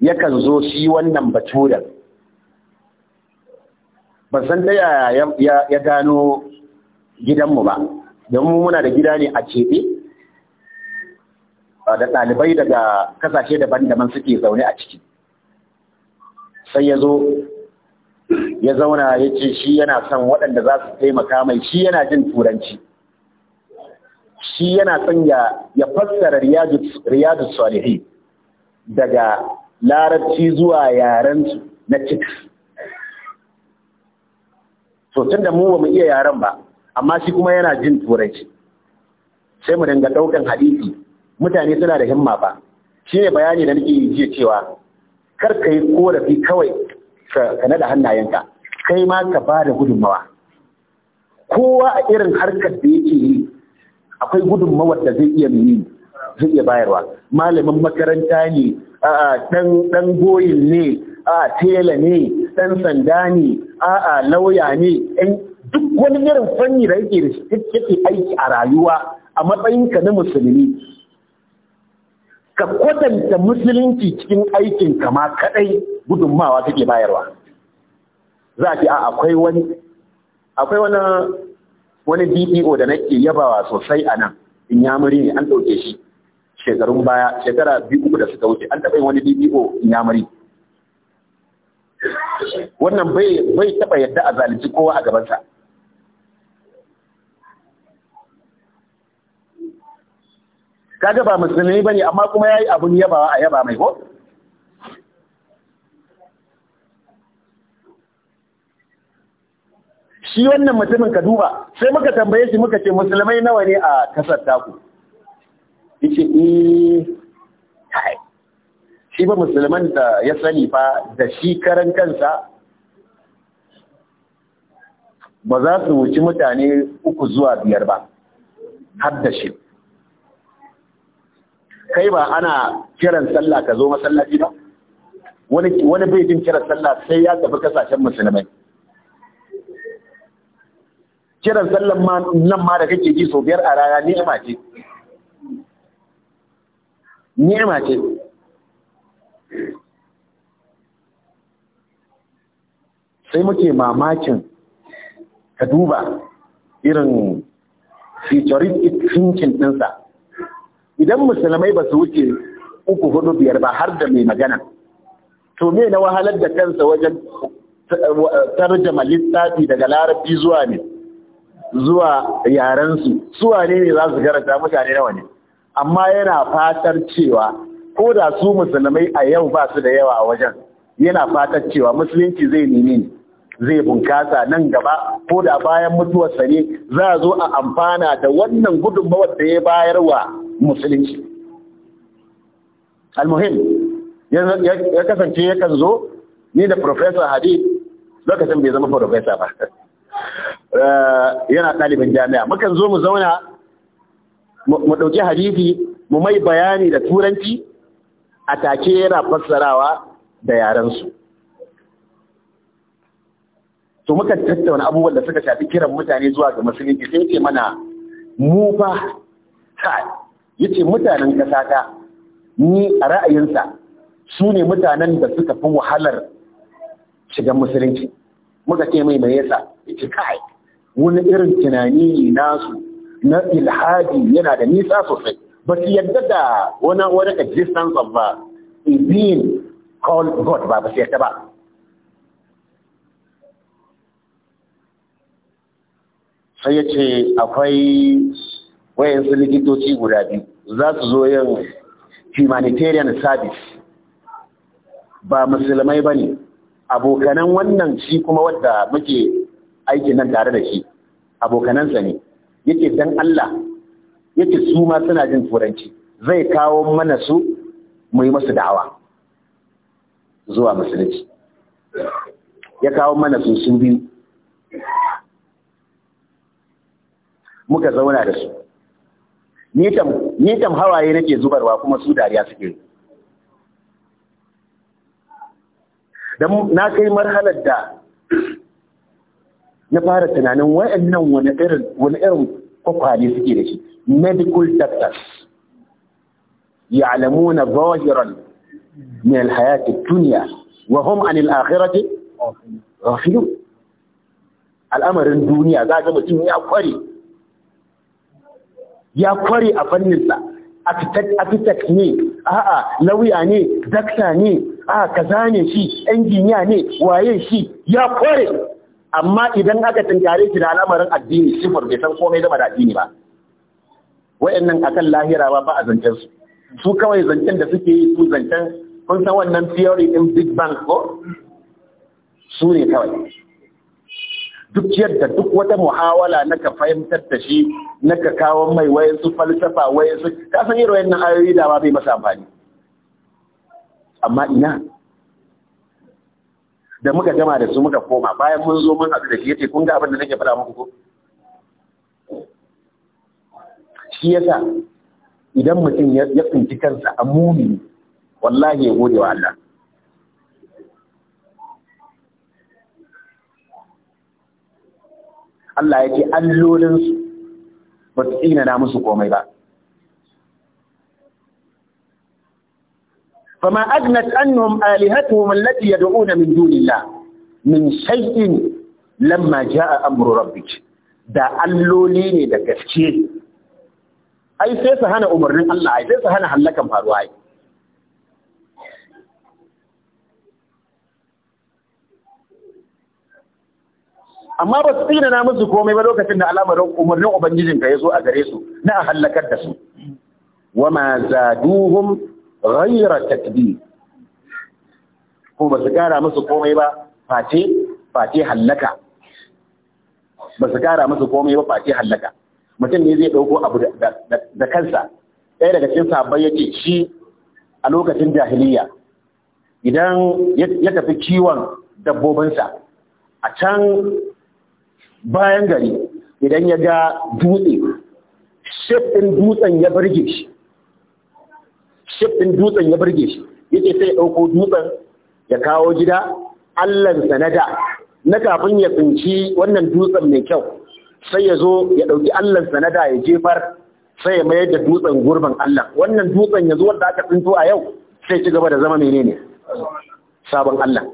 yakan zo shi wannan baturan ban san ta ya gano gidanmu ba don muna da gida ne a keɓe da ɗalibai daga kasashe daban-daban suke zaune a ciki sai ya zo ya zauna ya ce shi yana son waɗanda za su taimaka mai shi yana jin turanci shi yana son ya fassara riyadu salihi daga larabci zuwa yarensu na cik so tun da mu ba mu iya yaren ba amma shi kuma yana jin turanci sai mu dinga ɗaukan hadisi mutane suna da himma ba shi ne bayani da nake jiya cewa kar ka yi korafi kawai ka nada hannayenka kai ma ka ba da gudunmawa kowa a irin harkar da yake yi akwai gudunmawar da zai iya yi zai iya bayarwa malamin makaranta ne dan dan goyin ne a tela ne dan sanda ne a lauya ne duk wani irin fanni da yake aiki a rayuwa a matsayinka na musulmi ka kwatanta musulunci cikin aikin kama kadai gudunmawa take bayarwa za a ce a akwai wani akwai wani wani DPO e da nake yabawa sosai a nan in yamuri ne an ɗauke shi shekarun baya shekara biyu uku da suka wuce an taɓa yin wani DPO e in yamuri wannan bai taɓa yadda a zalunci kowa a gabansa kaga ba musulmi bane amma kuma yayi abun yabawa a yaba mai ko shi wannan mutumin ka duba sai muka tambaye shi muka ce musulmai nawa ne a kasar taku yace eh kai shi ba musulman da ya sani fa da shi karan kansa ba za su wuci mutane uku zuwa biyar ba har da shi kai ba ana kiran sallah ka zo masallaci ba wani wani bai jin kiran sallah sai ya tafi kasashen musulmai kiran sallan ma nan ma da kake ji sau biyar a rana ni'ima ce ni'ima ce sai muke mamakin ka duba irin futuristic thinking ɗinsa idan musulmai ba su wuce uku hudu biyar ba har da mai magana to me na wahalar da kansa wajen tarjama lissafi daga larabci zuwa ne zuwa yarensu suwa ne ne za su garanta mutane nawa ne amma yana fatar cewa ko da su musulmai a yau ba su da yawa a wajen yana fatar cewa musulunci zai nemi zai bunkasa nan gaba ko da bayan mutuwarsa ne za a zo a amfana da wannan gudunmawar da ya bayarwa musulunci almuhim ya kasance yakan zo ni da professor hadid lokacin bai zama professor ba eh, yana ɗalibin jami'a mukan zo mu zauna mu ɗauki hadisi mu mai bayani da turanci a take yana fassarawa da yarensu to mukan tattauna abubuwan da suka shafi kiran mutane zuwa ga musulunci sai ce mana mu fa Ya ce mutanen ƙasa ta ni a ra'ayinsa su ne mutanen da suka fi wahalar shiga musulunci muka ce mai mai yasa ya ce, kai wani irin tunani nasu na ilhadi yana da nisa sosai ba su yadda da wani wani existence of a being called God ba ba su yadda ba sai ya ce akwai wayansu likitoci guda biyu za su zo yin humanitarian service ba musulmai ba ne abokanan wannan shi kuma wadda muke aikin nan tare da shi abokanansa ne yake dan Allah yake su ma suna jin turanci zai kawo mana su mu yi masu da'awa zuwa musulunci ya kawo mana su sun biyu muka zauna da su ni kam hawaye nake zubarwa kuma su dariya suke dan na kai marhalar da na fara tunanin wayannan wani irin wani irin kwakwale suke da shi medical doctors ya'lamuna zahiran min al-hayat ad-dunya wa hum 'anil akhirati ghafilun al'amarin duniya za ga mutum ya kware ya kware a fanninsa fitak ne a'a lauya ne dakta ne a'a kaza ne shi injiniya ne waye shi ya kware amma idan aka tunkare shi da al'amarin addini sifar bai san komai zama da addini ba wayannan akan lahira ba a zancen su su kawai zancen da suke yi su zancen kun san wannan theory in big bang ko su ne kawai duk yadda duk wata muhawala na ka fahimtar da shi na ka kawo mai su falsafa su ka san irin wayannan ayoyi da ba bai masa amfani amma ina da muka gama da su muka koma bayan mun zo mun haɗu da shi yace kun ga abin da nake faɗa muku ko shi yasa idan mutum ya tsinci kansa a muni, wallahi ya gode wa Allah Allah ya ce allolinsu ba su tsinana musu komai ba. Fama agnat annum alihatuhum ya da'una min dunillah min shay'in lamma jaa amru rabbik da alloli ne da gaske ai sai su hana umarnin Allah ai sai su hana hallakan faruwa ai amma ba su tsinana musu komai ba lokacin da al'amarin umarnin ubangijin ya zo a gare su na a da su wa ma zaduhum ghayra takdi. ko ba su kara musu komai ba face face halaka ba su kara musu komai ba face halaka mutum ne zai dauko abu da kansa ɗaya daga cikin sabai yake shi a lokacin jahiliya idan ya tafi kiwon dabbobinsa a can bayan gari idan ya ga dutse shifin dutsen ya birge shi shifin dutsen ya birge shi yake sai ya ɗauko dutsen ya kawo gida allansa na da na kafin ya tsinci wannan dutsen mai kyau sai ya zo ya ɗauki allansa na da ya jefar sai ya mayar da dutsen gurbin allah wannan dutsen ya zo wanda aka tsinto a yau sai ci gaba da zama menene sabon allah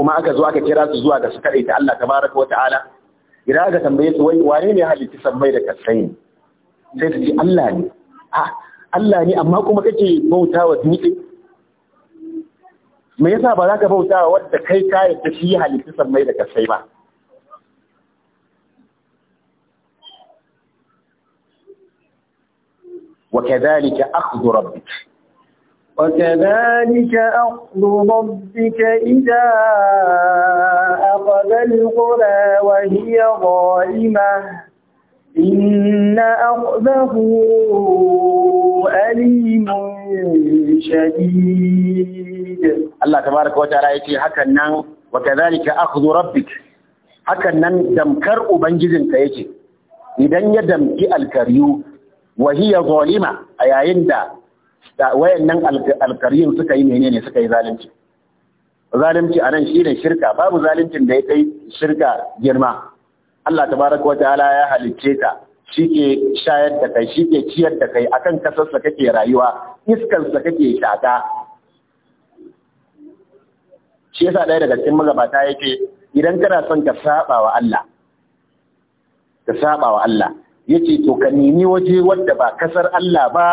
kuma aka zo aka kira su zuwa ga su kaɗai ta Allah wa ta'ala idan aka tambaye su wane ne halitta sammai da kasai sai su ce Allah ne Ah Allah ne amma kuma kake bauta wa dutse me yasa ba za ka bauta wa wanda kai ka yadda shi halitta sammai da kasai ba wa kadhalika akhdhu rabbika وكذلك أخذ ربك إذا أخذ القرى وهي ظالمة إن أخذه أليم شديد الله تبارك وتعالى يتي حكا نان وكذلك أخذ ربك حكا نان دمكر أبنجزن إذا يدم يدمك الكريو وهي ظالمة أي عندها da wayannan alkarin suka yi menene suka yi zalunci zalunci a nan shine shirka babu zaluncin da ya kai shirka girma Allah tabaraka wa ta'ala ya halicce ka shike shayar da kai shike ciyar da kai akan kasarsa kake rayuwa sa kake shaka shi yasa ɗaya daga cikin magabata yake idan kana son ka saba wa Allah ka saba wa Allah yace to ka nemi waje wanda ba kasar Allah ba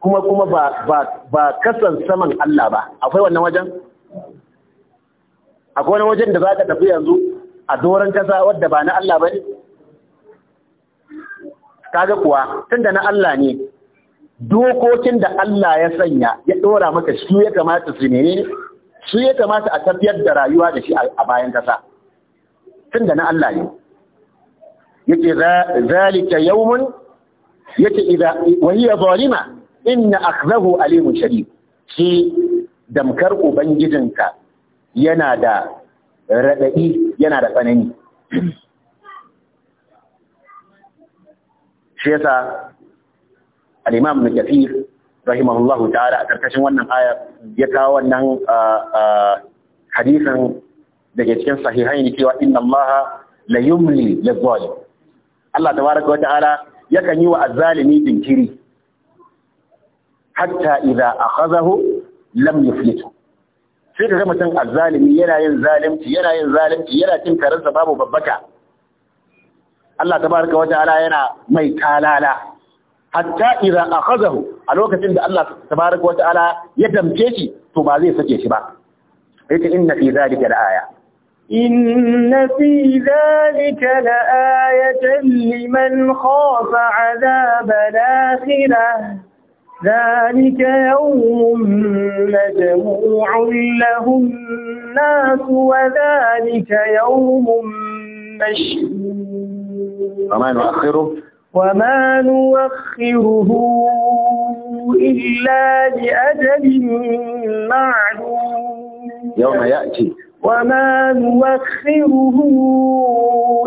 kuma kuma ba kasan saman Allah ba akwai wannan wajen akwai wani wajen da za ka tafi yanzu a doron kasa wadda ba na Allah ba ne? kaga kuwa tunda na Allah ne dokokin da Allah ya sanya ya ɗora maka shi ya kamata su ne su ya kamata a tafiyar da rayuwa da shi a bayan kasa tunda na Allah ne yake zalika yawmun yake idan. Wani ya zalima inna akhdahu alimun shadid shi damkar ubangijinka yana da radadi yana da tsanani shi yasa al-imam rahimahullahu ta'ala a karkashin wannan aya ya kawo wannan hadisin da ke cikin sahihain cewa inna allaha la yumli lil-zalim Allah tabaraka wa ta'ala yakan yi wa azzalimi jinkiri hatta idza akhazahu lam yuflitu sai ka ga mutum azzalimi yana yin zalunci yana yin zalunci yana cin karansa babu babbaka Allah Ta tabaraka wata ala yana mai talala hatta idza akhazahu a lokacin da Allah Ta tabaraka wata ala ya damke shi to ba zai sake shi ba yace inna fi zalika la'aya Inna إن في ذلك لآية لمن خاف عذاب الآخرة ذلك يوم مجموع له الناس وذلك يوم مشهور وما نؤخره وما نؤخره إلا لأجل معلوم يوم يأتي وما نوخره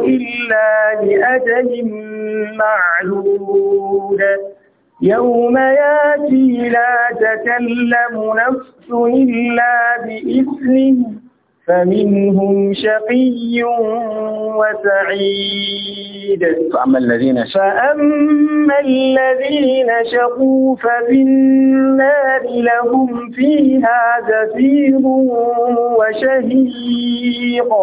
إلا لأجل معلوم يوم ياتي لا تكلم نفس إلا بإذنه فمنهم شقي وسعيد فأما الذين فأما الذين شقوا ففي النار لهم فيها زفير وشهيق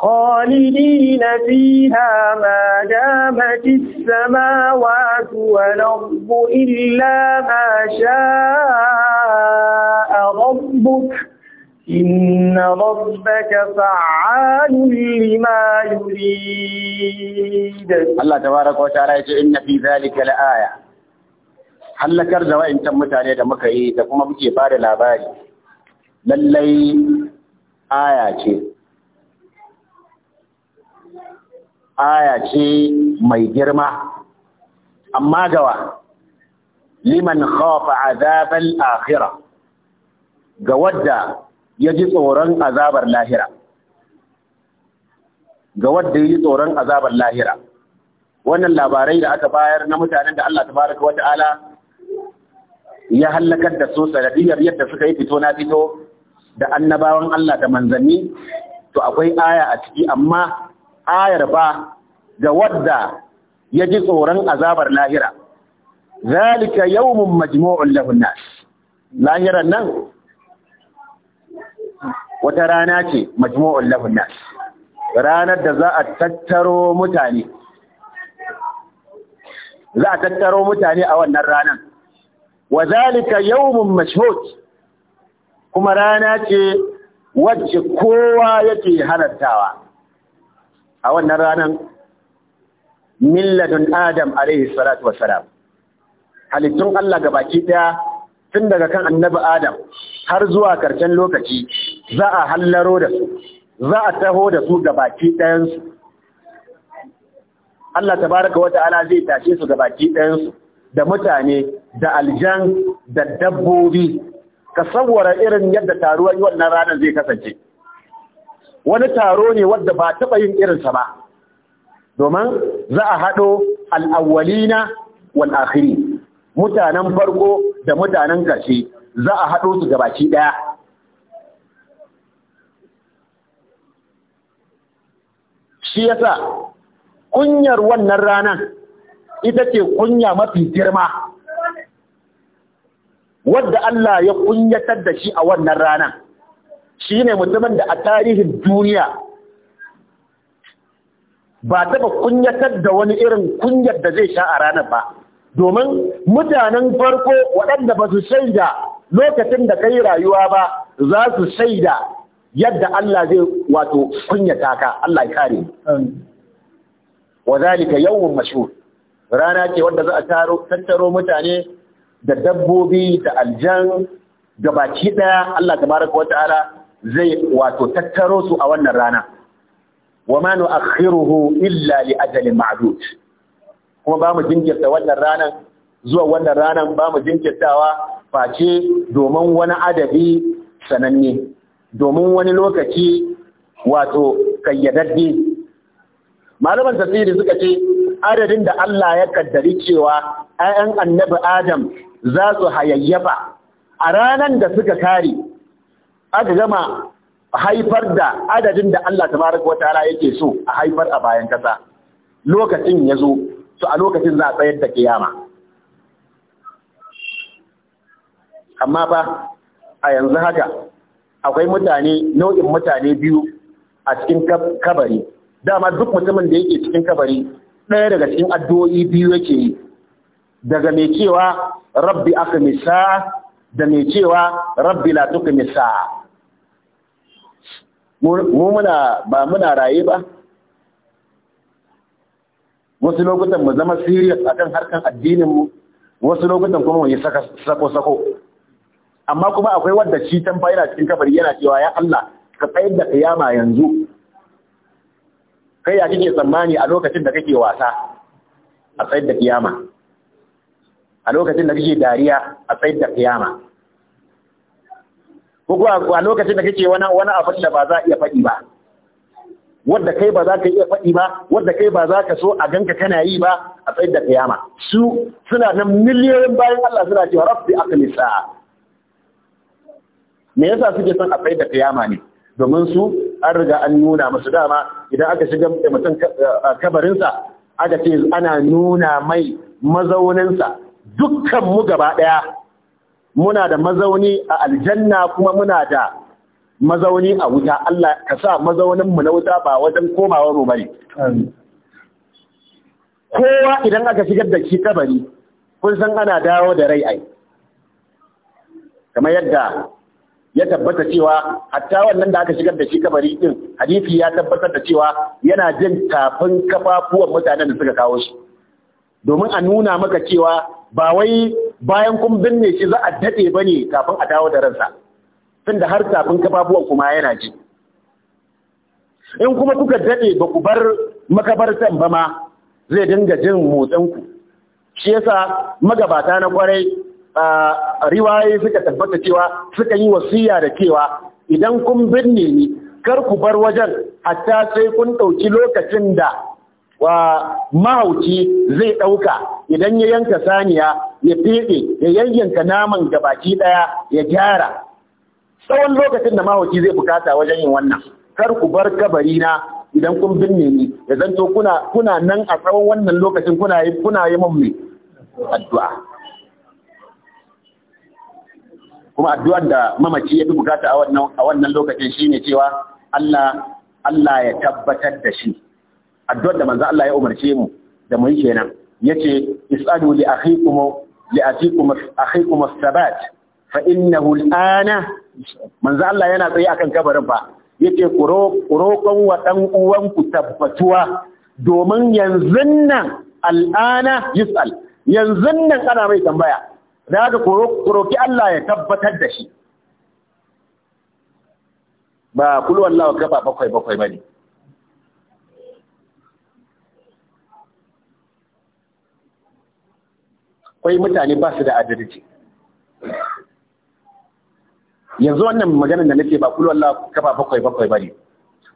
خالدين فيها ما دامت السماوات والأرض إلا ما شاء ربك إن ربك فعال لما يريد الله تبارك وتعالى إن في ذلك لآية hallakar da wa'incan mutane da muka yi da kuma muke ba da labari lallai aya ce aya ce mai girma amma gawa liman khafa azabal akhira ga wadda ya ji azabar lahira ga wadda ya ji tsoron azabar lahira wannan labarai da aka bayar na mutanen da Allah tabaraka wa ta'ala ya hallakar da su sanadiyar yadda suka yi fito na fito da annabawan Allah da manzanni to akwai aya a ciki amma ayar ba ga wadda ya ji tsoron azabar lahira zalika yawmun majmu'un lahun nas lahiran nan wata rana ce majmu'un lahun ranar da za a tattaro mutane za a tattaro mutane a wannan ranar wa zalika yawmun mashhud kuma rana ce wacce kowa yake halartawa a wannan ranar milladun adam alaihi salatu salam. halittun Allah ga baki ɗaya tun daga kan annabi adam har zuwa karshen lokaci za a hallaro da su za a taho da su ga baki ɗayansu Allah tabaraka wata'ala zai tashe su ga baki ɗayansu da mutane da aljan da dabbobi ka sawwara irin yadda taruwar wannan ranar zai kasance wani taro ne wadda ba taɓa yin irinsa ba domin za a haɗo al'awwalina wal'akhiri mutanen farko da mutanen ƙarshe za a haɗo su gabaci ɗaya shi yasa kunyar wannan ranar ita ce kunya mafi girma wadda Allah ya kunyatar da shi a wannan ranar shi ne mutumin da a tarihin duniya ba taɓa kunyatar da wani irin kunyar da zai sha a ranar ba domin mutanen farko waɗanda ba su shaida lokacin da kai rayuwa ba za su shaida yadda Allah zai wato kunyata ka Allah ya kare wa zalika yawmun mashhur rana ce wadda za a taro tattaro mutane da dabbobi da aljan da baki ɗaya. Allah tabaraka wa ta'ala zai wato tattaro su a wannan rana wa ma nu'akhiruhu illa li ajalin ma'dud kuma ba mu jinkirta wannan ranan zuwa wannan ranan ba mu jinkirtawa face domin wani adadi sananne domin wani lokaci wato kayyadadde malaman tafsiri suka ce adadin da Allah ya kaddari cewa 'ya'yan annabi Adam za su hayayyafa a ranan da suka kare aka gama haifar da adadin da Allah tabaraka wa ta'ala yake so a haifar a bayan kasa lokacin ya zo to a lokacin za a tsayar da kiyama amma fa a yanzu haka akwai mutane nau'in mutane biyu a cikin kabari dama duk mutumin da yake cikin kabari ɗaya daga cikin addu'o'i biyu yake yi daga mai cewa rabbi aka misa da mai cewa rabbi la tuka misa mu muna ba muna raye ba wasu lokutan mu zama serious akan harkan addinin mu wasu lokutan kuma mu yi sako sako amma kuma akwai wanda shi tamfa yana cikin kabari yana cewa ya Allah ka tsayar da kiyama yanzu kai ya kike tsammani a lokacin da kake wasa a tsayar da kiyama a lokacin da kike dariya a tsayar da kiyama ko kuwa a lokacin da kake wani wani abu da ba za a iya faɗi ba wanda kai ba za ka iya faɗi ba wanda kai ba za ka so a ganka kana yi ba a tsayin da kiyama su suna nan miliyoyin bayan Allah suna cewa rabbi aqli sa'a me yasa suke son a tsayin da kiyama ne domin su an riga an nuna musu dama idan aka shiga mutum kabarinsa aka ce ana nuna mai mazauninsa dukkan mu gaba ɗaya muna da mazauni a aljanna kuma muna da mazauni a wuta Allah ka sa mazaunin mu na wuta ba wajen komawa ba ne. kowa idan aka shigar da shi kabari kun san ana dawo da rai ai kamar yadda ya tabbata cewa hatta wannan da aka shigar da shi kabari din hadisi ya tabbatar da cewa yana jin tafin kafafuwan mutanen da suka kawo shi domin a nuna maka cewa ba wai bayan kun binne shi za a daɗe ba ne kafin a dawo da ransa da har kafin kafafuwan kuma yana ji in kuma kuka daɗe ba ku bar makabartan ba ma zai dinga jin motsinku shi yasa magabata na kwarai riwaye suka tabbata cewa suka yi wasiya da cewa idan kun binne ni kar ku bar wajen hatta sai kun ɗauki lokacin da wa mahauci zai ɗauka idan ya yanka saniya ya fiɗe ya yayyanka naman gabaki ɗaya ya gyara tsawon lokacin da mahauci zai bukata wajen yin wannan kar ku bar kabari na idan kun binne ni ya zanto kuna kuna nan a tsawon wannan lokacin kuna yi kuna yi mun addu'a kuma addu'ar da mamaci ya fi bukata a wannan a wannan lokacin shine cewa Allah Allah ya tabbatar da shi addu'ar da manzo Allah ya umarce mu da mu yi kenan yace isadu li akhikum li atikum akhikum as-sabat fa innahu al-ana manzo Allah yana tsaye akan kabarin fa yace ku roƙon wa dan ku tabbatuwa domin yanzu nan al'ana yus'al yanzu nan ana mai tambaya da ga ku Allah ya tabbatar da shi ba kullu wallahu kafa bakwai bakwai bane kwai mutane ba su da adalci yanzu wannan maganar da nake ba kullu Allah kafa bakwai bakwai bane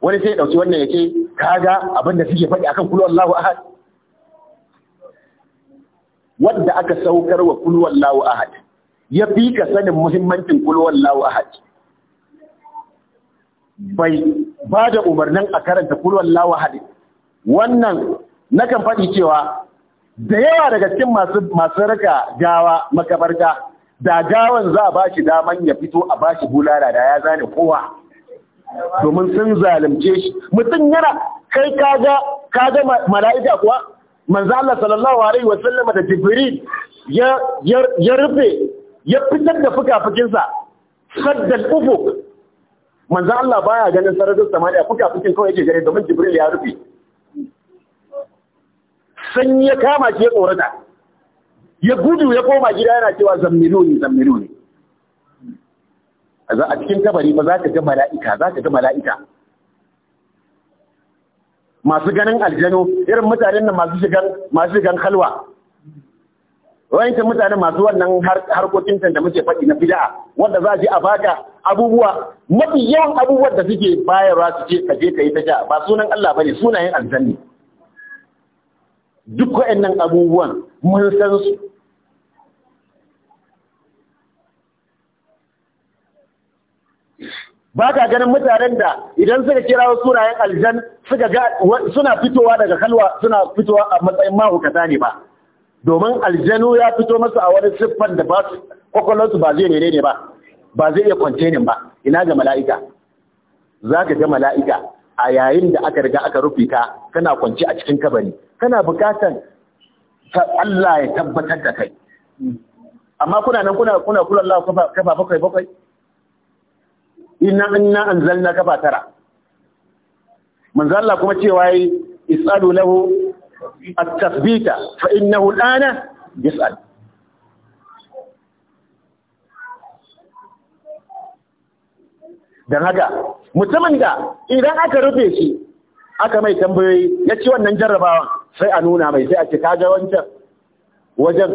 wani sai ya dauki wannan yake kaga abin da suke faɗi akan kullu Allahu ahad wanda aka saukar wa kullu Allahu ahad ya fi ka sanin muhimmancin kullu Allahu ahad bai ba da umarnin a karanta kullu Allahu ahad wannan nakan faɗi cewa da yawa daga cikin masu raka gawa makabarta da gawan za a ba shi daman ya fito a ba shi bulala da ya zane kowa domin sun zalunce shi mutum yana kai kaga kaga mala'ika kuwa manzo Allah sallallahu alaihi wasallam da Jibril ya ya rufe ya fitar da fuka-fukinsa saddal ufuk manzo Allah baya ganin sararin samaniya fukafukin kawai yake gani domin Jibril ya rufe sanyi ya kama shi ya tsorata ya gudu ya koma gida yana cewa zammilu ne zammilu ne a cikin kabari ba za ka ga mala'ika za ka ga mala'ika masu ganin aljano irin mutanen nan masu shigan masu shigan halwa wayancin mutane masu wannan harkokin da muke faɗi na bid'a wanda za a je a baka abubuwa mafi yawan abubuwan da suke bayarwa su ce ka je ka yi ta ba sunan Allah bane sunayen aljanni duk waɗannan abubuwan mun san su ba ka ganin mutanen da idan suka kira sunayen aljan suna fitowa daga kalwa suna fitowa a matsayin mahukata ne ba domin aljanu ya fito masu a wani siffan da ba su kwakwalwarsu ba zai ne ba ba zai iya kwantenin ba ina ga mala'ika za ka ga mala'ika a yayin da aka riga aka rufe ka kana kwanci a cikin kabari kana ta Allah ya tabbatar da kai amma kuna nan kuna kuna kula Allah kafa bakwai bakwai inna inna anzalna kafa tara manzo Allah kuma cewa yi isalu lahu at-tathbita fa innahu al-ana yas'al dan haka mutumin da idan aka rufe shi aka mai tambayoyi ya ci wannan jarrabawan sai a nuna mai sai a ce kaga wancan wajen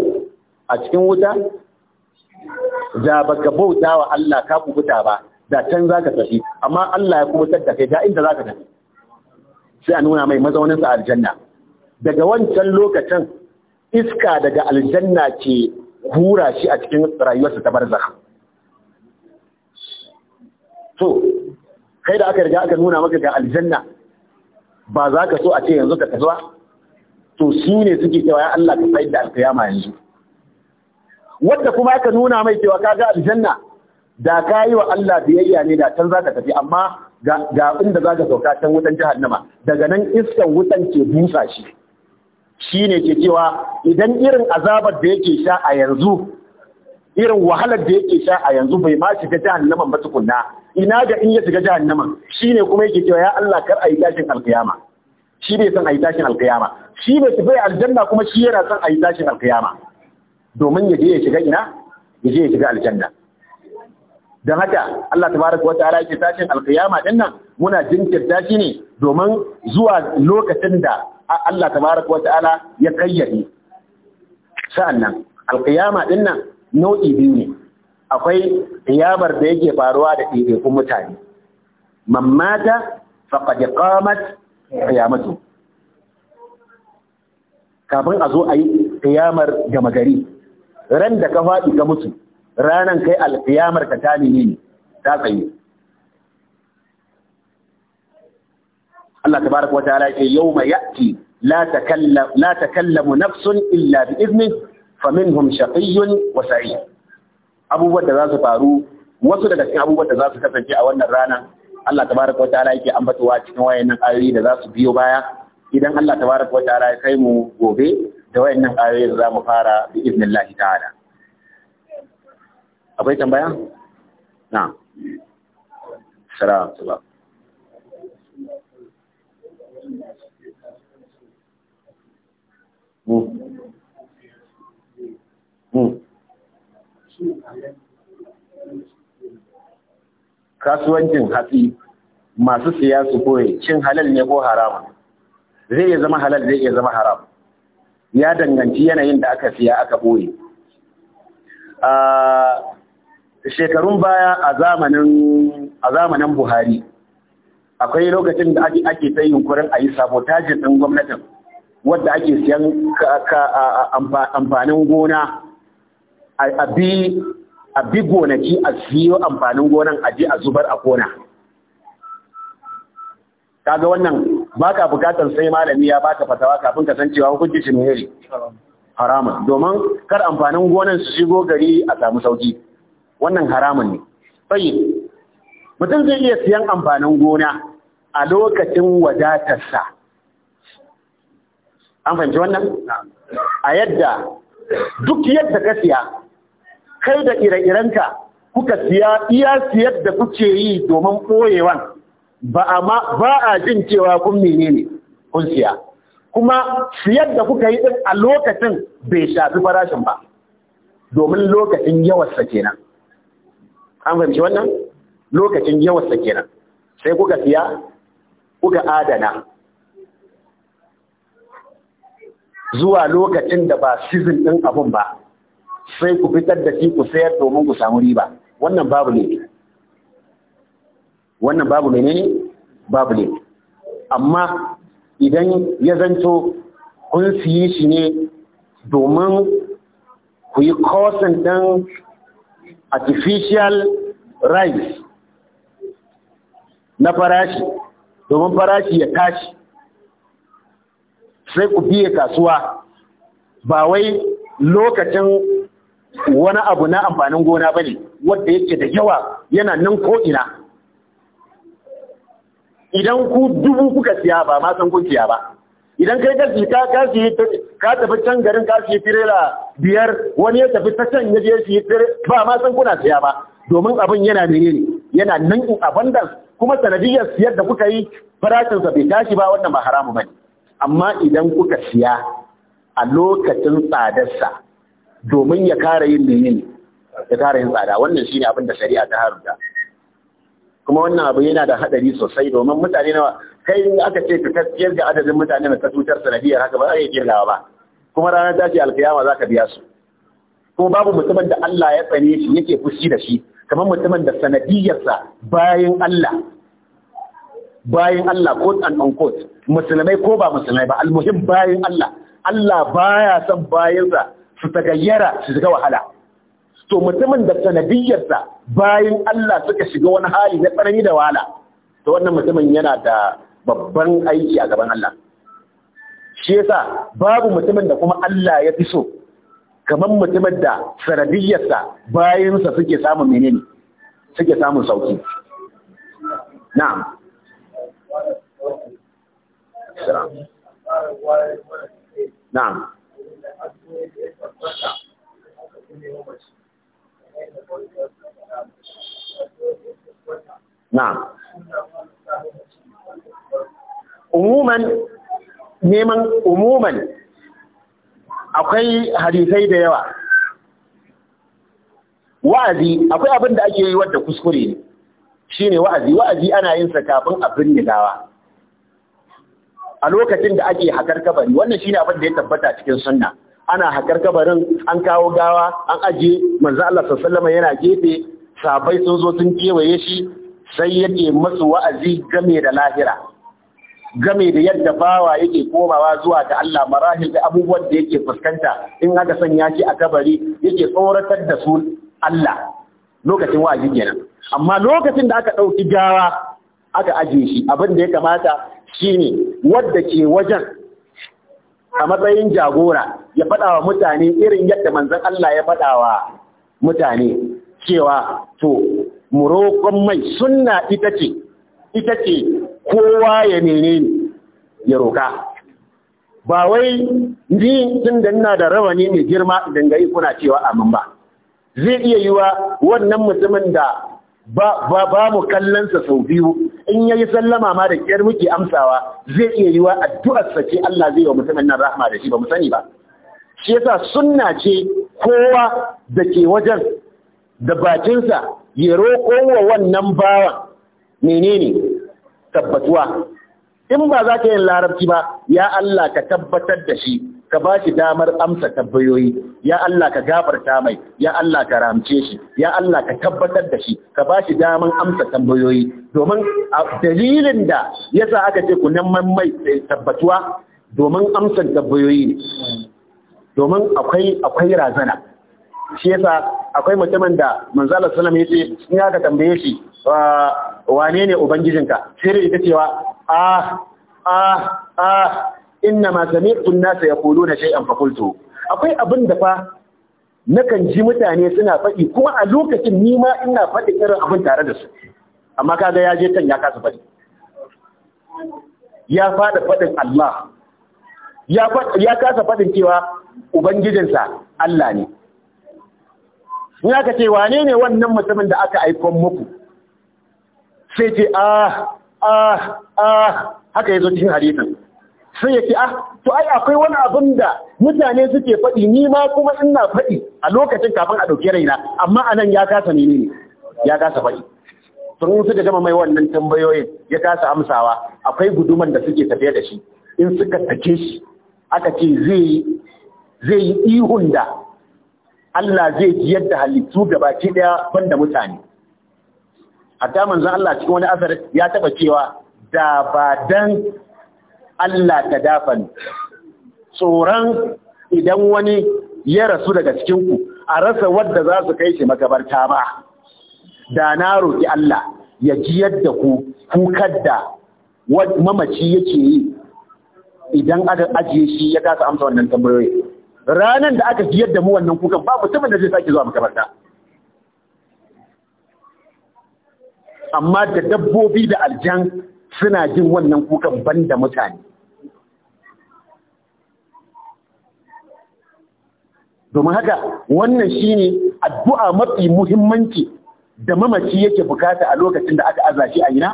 a cikin wuta da baka bauta wa Allah ka kubuta ba da can zaka tafi amma Allah ya kuma da kai da inda zaka tafi sai a nuna mai mazaunin sa aljanna daga wancan lokacin iska daga aljanna ke hura shi a cikin rayuwarsa ta barzakh to kai da aka riga aka nuna maka ga aljanna ba za ka so a ce yanzu ka tafi ba to su ne suke cewa ya Allah ka tsayar da alkiyama yanzu wanda kuma aka nuna mai cewa kaga aljanna da ka yi wa Allah biyayya ne da can zaka tafi amma ga inda zaka sauka can wutan jahannama daga nan iskan wutan ke busa shi shine ke cewa idan irin azabar da yake sha a yanzu irin wahalar da yake sha a yanzu bai ma shiga jahannama ba tukunna ina ga in ya shiga jahannama shine kuma yake cewa ya Allah kar a yi tashin alkiyama shi bai san a yi tashin alkiyama shi bai tafi aljanna kuma shi yana son a yi tashin alkiyama domin ya je ya shiga ina ya je ya shiga aljanna don haka Allah tabaraka wa ta'ala yake tashin alkiyama din nan muna jinkirta shi ne domin zuwa lokacin da Allah tabaraka wa ta'ala ya kayyade sa'annan alkiyama din nan nau'i biyu ne akwai qiyamar da yake faruwa da ɗaiɗaikun mutane mamata mata faqad qamat kiyamatu kafin a zo a yi kiyamar gama gari ran da ka faɗi ka mutu ranar kai alkiyamar ka ta ne ta tsaye Allah tabaraka wa ta'ala ya yawma ya'ti la ta la takallamu nafsun illa bi izni faminhum shaqiyyun wa sa'id abubuwan da za su faru wasu daga cikin abubuwan da za su kasance a wannan ranar Allah tabaraka wataala yake ambatuwa cikin wayannan ayoyi da za su biyo baya idan Allah tabaraka wataala ya kai mu gobe da wayannan ayoyi da za mu fara bi iznillahi ta'ala akwai tambaya Na, assalamu alaikum Mm. Mm. kasuwancin hatsi masu siya su koye cin halal ne ko haram zai iya zama halal zai iya zama haram ya danganci yanayin da aka siya aka boye shekarun baya a zamanin Buhari akwai lokacin da ake ake ta yunkurin a yi sabotajin ɗin gwamnatin wadda ake siyan amfanin gona a bi a bi gonaki a siyo amfanin gonan a je a zubar a kona kaga wannan ba ka bukatar sai malami ya baka fatawa kafin ka san cewa hukunci shi ne haramun domin kar amfanin gonan su shigo gari a samu sauki wannan haramun ne sai mutum zai iya siyan amfanin gona a lokacin wadatarsa an fahimci wannan a yadda duk yadda ka siya kai da ire-irenka kuka siya iya siyar da kuke yi domin ɓoyewan ba a jin cewa kun menene kun siya kuma siyar da kuka yi ɗin a lokacin bai shafi farashin ba domin lokacin yawarsa kenan an fahimci wannan lokacin yawarsa kenan sai kuka siya kuka adana zuwa lokacin da ba season ɗin abun ba sai ku fitar da shi ku sayar domin ku samu riba wannan babu ne wannan babu ne, babu ne amma idan ya zanto kun siye shi ne domin ku yi kosin ɗan artificial rice na farashi domin farashi ya tashi sai ku biye kasuwa ba wai lokacin wani abu na amfanin gona ba ne wadda yake da yawa yana nan ko'ina idan ku dubu kuka siya ba ma san kun siya ba idan kai kasi ka kasi ka tafi can garin kasi tirela biyar wani ya tafi ta can yaje shi ba ma san kuna siya ba domin abin yana menene yana nan in abundance kuma sanadiyar siyar da kuka yi farashinsa bai tashi ba wannan ba haramu bane amma idan kuka siya a lokacin tsadarsa domin ya kara yin menene ya kara yin tsada wannan shine abin da shari'a ta haruta kuma wannan abu yana da hadari sosai domin mutane nawa kai in aka ce ka tafiyar da adadin mutane da ka cutar sanadiyar haka ba za ka iya kirgawa ba kuma ranar tashi alkiyama za ka biya su Ko babu mutumin da Allah ya tsane shi yake fushi da shi kamar mutumin da sanadiyarsa bayan Allah bayan Allah an and unquote musulmai ko ba musulmai ba almuhim bayan Allah Allah baya son bayansa su tagayyara su shiga wahala to mutumin da sanadiyarsa bayan Allah suka shiga wani hali na tsanani da wahala to wannan mutumin yana da babban aiki a gaban Allah shi yasa babu mutumin da kuma Allah ya fi so kamar mutumin da sanadiyarsa bayansa suke samun menene suke samun sauki na'am na'am Na'am. neman umuman akwai hadisai da yawa. Wa'azi akwai abin da ake yi wadda kuskure ne. Shi ne wa'azi, wa'azi ana yin sa kafin a binne gawa. A lokacin da ake hakar kabari, wannan shi ne abin da ya tabbata cikin sunna. ana haƙar kabarin an kawo gawa an ajiye manzo Allah sallallahu yana gefe sabai sun zo sun kewaye shi sai yake masu wa'azi game da lahira game da yadda bawa yake komawa zuwa ga Allah marahil da abubuwan da yake fuskanta in aka sanya shi a kabari yake tsoratar da su Allah lokacin wa'azi kenan amma lokacin da aka ɗauki gawa aka ajiye shi abin da ya kamata shine wadda ke wajen a matsayin jagora ya faɗa wa mutane irin yadda manzon Allah ya faɗa wa mutane cewa to murokon mai sunna ita ce ita ce kowa ya nene ya roka ba wai ni tunda ina da rawani mai girma dangayi kuna cewa amin ba zai iya yiwa wannan mutumin da ba mu kallonsa sau biyu in yayi sallama ma da kyar muke amsawa zai iya yiwa addu'ar sa ce Allah zai yi wa mutumin nan rahama da shi ba mu sani ba shi yasa sunna ce kowa da ke wajen da bakinsa ya roƙo wa wannan bawan menene tabbatuwa in ba za ka yin larabci ba ya Allah ka tabbatar da shi ka ba shi damar amsa tambayoyi. ya Allah ka gafarta mai ya Allah ka ramce shi ya Allah ka tabbatar da shi ka ba shi damar amsa tambayoyi domin dalilin da ya sa aka ce kunan man mai tabbatuwa domin amsa tabbayoyi domin akwai akwai razana shi yasa akwai mutumin da manzala ya yace in aka tambaye shi ah, wane ne ubangijinka sai ita cewa ah ah ah inna ma sami'tu an-nasa yaquluna shay'an fa qultu akwai abin da fa nakan ji mutane suna faɗi kuma a lokacin ni ma ina faɗi irin abin tare da su amma kaga ya je kan ya kasa faɗi ya faɗa faɗin Allah ya kasa faɗin cewa ubangijinsa Allah ne Ina aka ce wane ne wannan mutumin da aka aika muku sai ce ah ah ah haka yazo cikin hadisin sai ya ce ah to ai akwai wani abin da mutane suke faɗi ni ma kuma ina faɗi a lokacin kafin a ɗauki raina amma anan ya kasa ne ya kasa faɗi sun suka gama mai wannan tambayoyin ya kasa amsawa akwai guduman da suke tafiya da shi in suka take shi aka ce zai yi ihun da Allah zai ji yadda halittu da baki daya banda mutane hatta manzon Allah cikin wani azar ya taba cewa da ba dan Allah ta dafa ni. tsoron idan wani ya rasu daga cikinku a rasa wadda za su kai shi makabarta ba da na roƙi Allah ya ji yadda ku kukar da mamaci yake yi idan aka ajiye shi ya kasa amsa wannan tambayoyi ranar da aka ji yadda mu wannan kukan babu mutumin da zai sake zuwa makabarta amma da dabbobi da aljan suna jin wannan kukan banda mutane domin haka wannan shi ne addu'a mafi muhimmanci da mamaci yake bukata a lokacin da aka aza shi a yina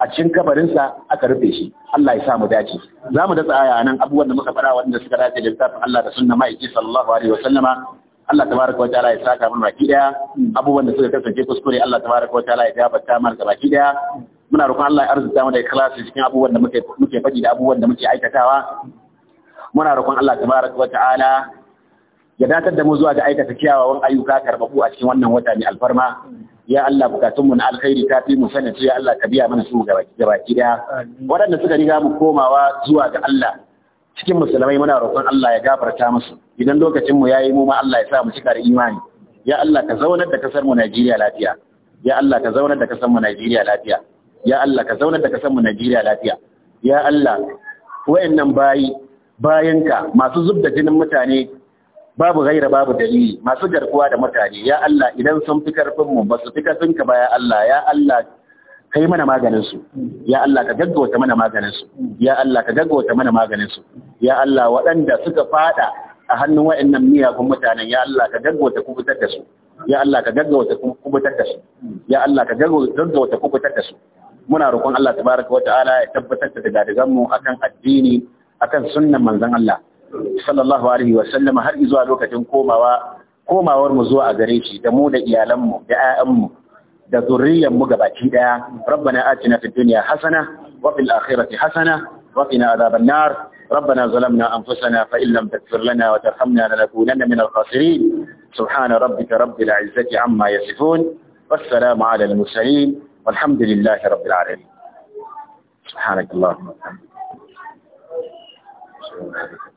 a cikin kabarinsa aka rufe shi Allah ya sa mu dace za mu datsa aya nan abubuwan da muka fara wanda suka dace da tafi Allah da sunna ma'aiki sallallahu alaihi wasallama Allah tabaraka wa ta'ala ya saka mun baki daya abubuwan da suka kasance kuskure Allah tabaraka wa ta'ala ya ta mar baki daya muna roƙon Allah ya arzuta mu da ikhlasi cikin abubuwan da muke muke faɗi da abubuwan da muke aikatawa muna roƙon Allah tabaraka wa ta'ala ya datar da mu zuwa ga aikata kiyawawan ayyuka karbabu a cikin wannan wata ne alfarma ya Allah bukatun mu na alkhairi ta fi mu sanin ya Allah ka biya mana su gabaki daya waɗanda suka riga mu komawa zuwa ga Allah cikin musulmai muna roƙon Allah ya gafarta musu idan lokacin mu yayi mu ma Allah ya sa mu cika da imani ya Allah ka zaunar da kasar mu Najeriya lafiya ya Allah ka zaunar da kasar mu Najeriya lafiya ya Allah ka zaunar da kasar mu Najeriya lafiya ya Allah wayannan bayi bayanka masu zubda jinin mutane babu gaira babu dalili masu garkuwa da mutane ya Allah idan sun fi karfin mu ba su fi karfin ka ba ya Allah ya Allah kai mana maganin su ya Allah ka gaggauta mana maganin su ya Allah ka gaggauta mana maganin su ya Allah waɗanda suka fada a hannun wa'annan miyagun mutanen ya Allah ka gaggauta fitar da su ya Allah ka gaggauta kubutar da su ya Allah ka gaggauta kubutar da su muna roƙon Allah tabaraka wa ta'ala ya tabbatar da daga mu akan addini akan sunnan manzon Allah sallallahu alaihi wa sallama har zuwa lokacin komawa komawar mu zuwa gare shi da mu da iyalan mu da ƴaƴan mu da zurriyan mu gabaki daya rabbana atina fid dunya hasana wa fil akhirati hasana wa qina adhaban nar ربنا ظلمنا أنفسنا فإن لم تغفر لنا وترحمنا لنكونن من الخاسرين سبحان ربك رب العزة عما يصفون والسلام على المرسلين والحمد لله رب العالمين سبحانك اللهم وبحمدك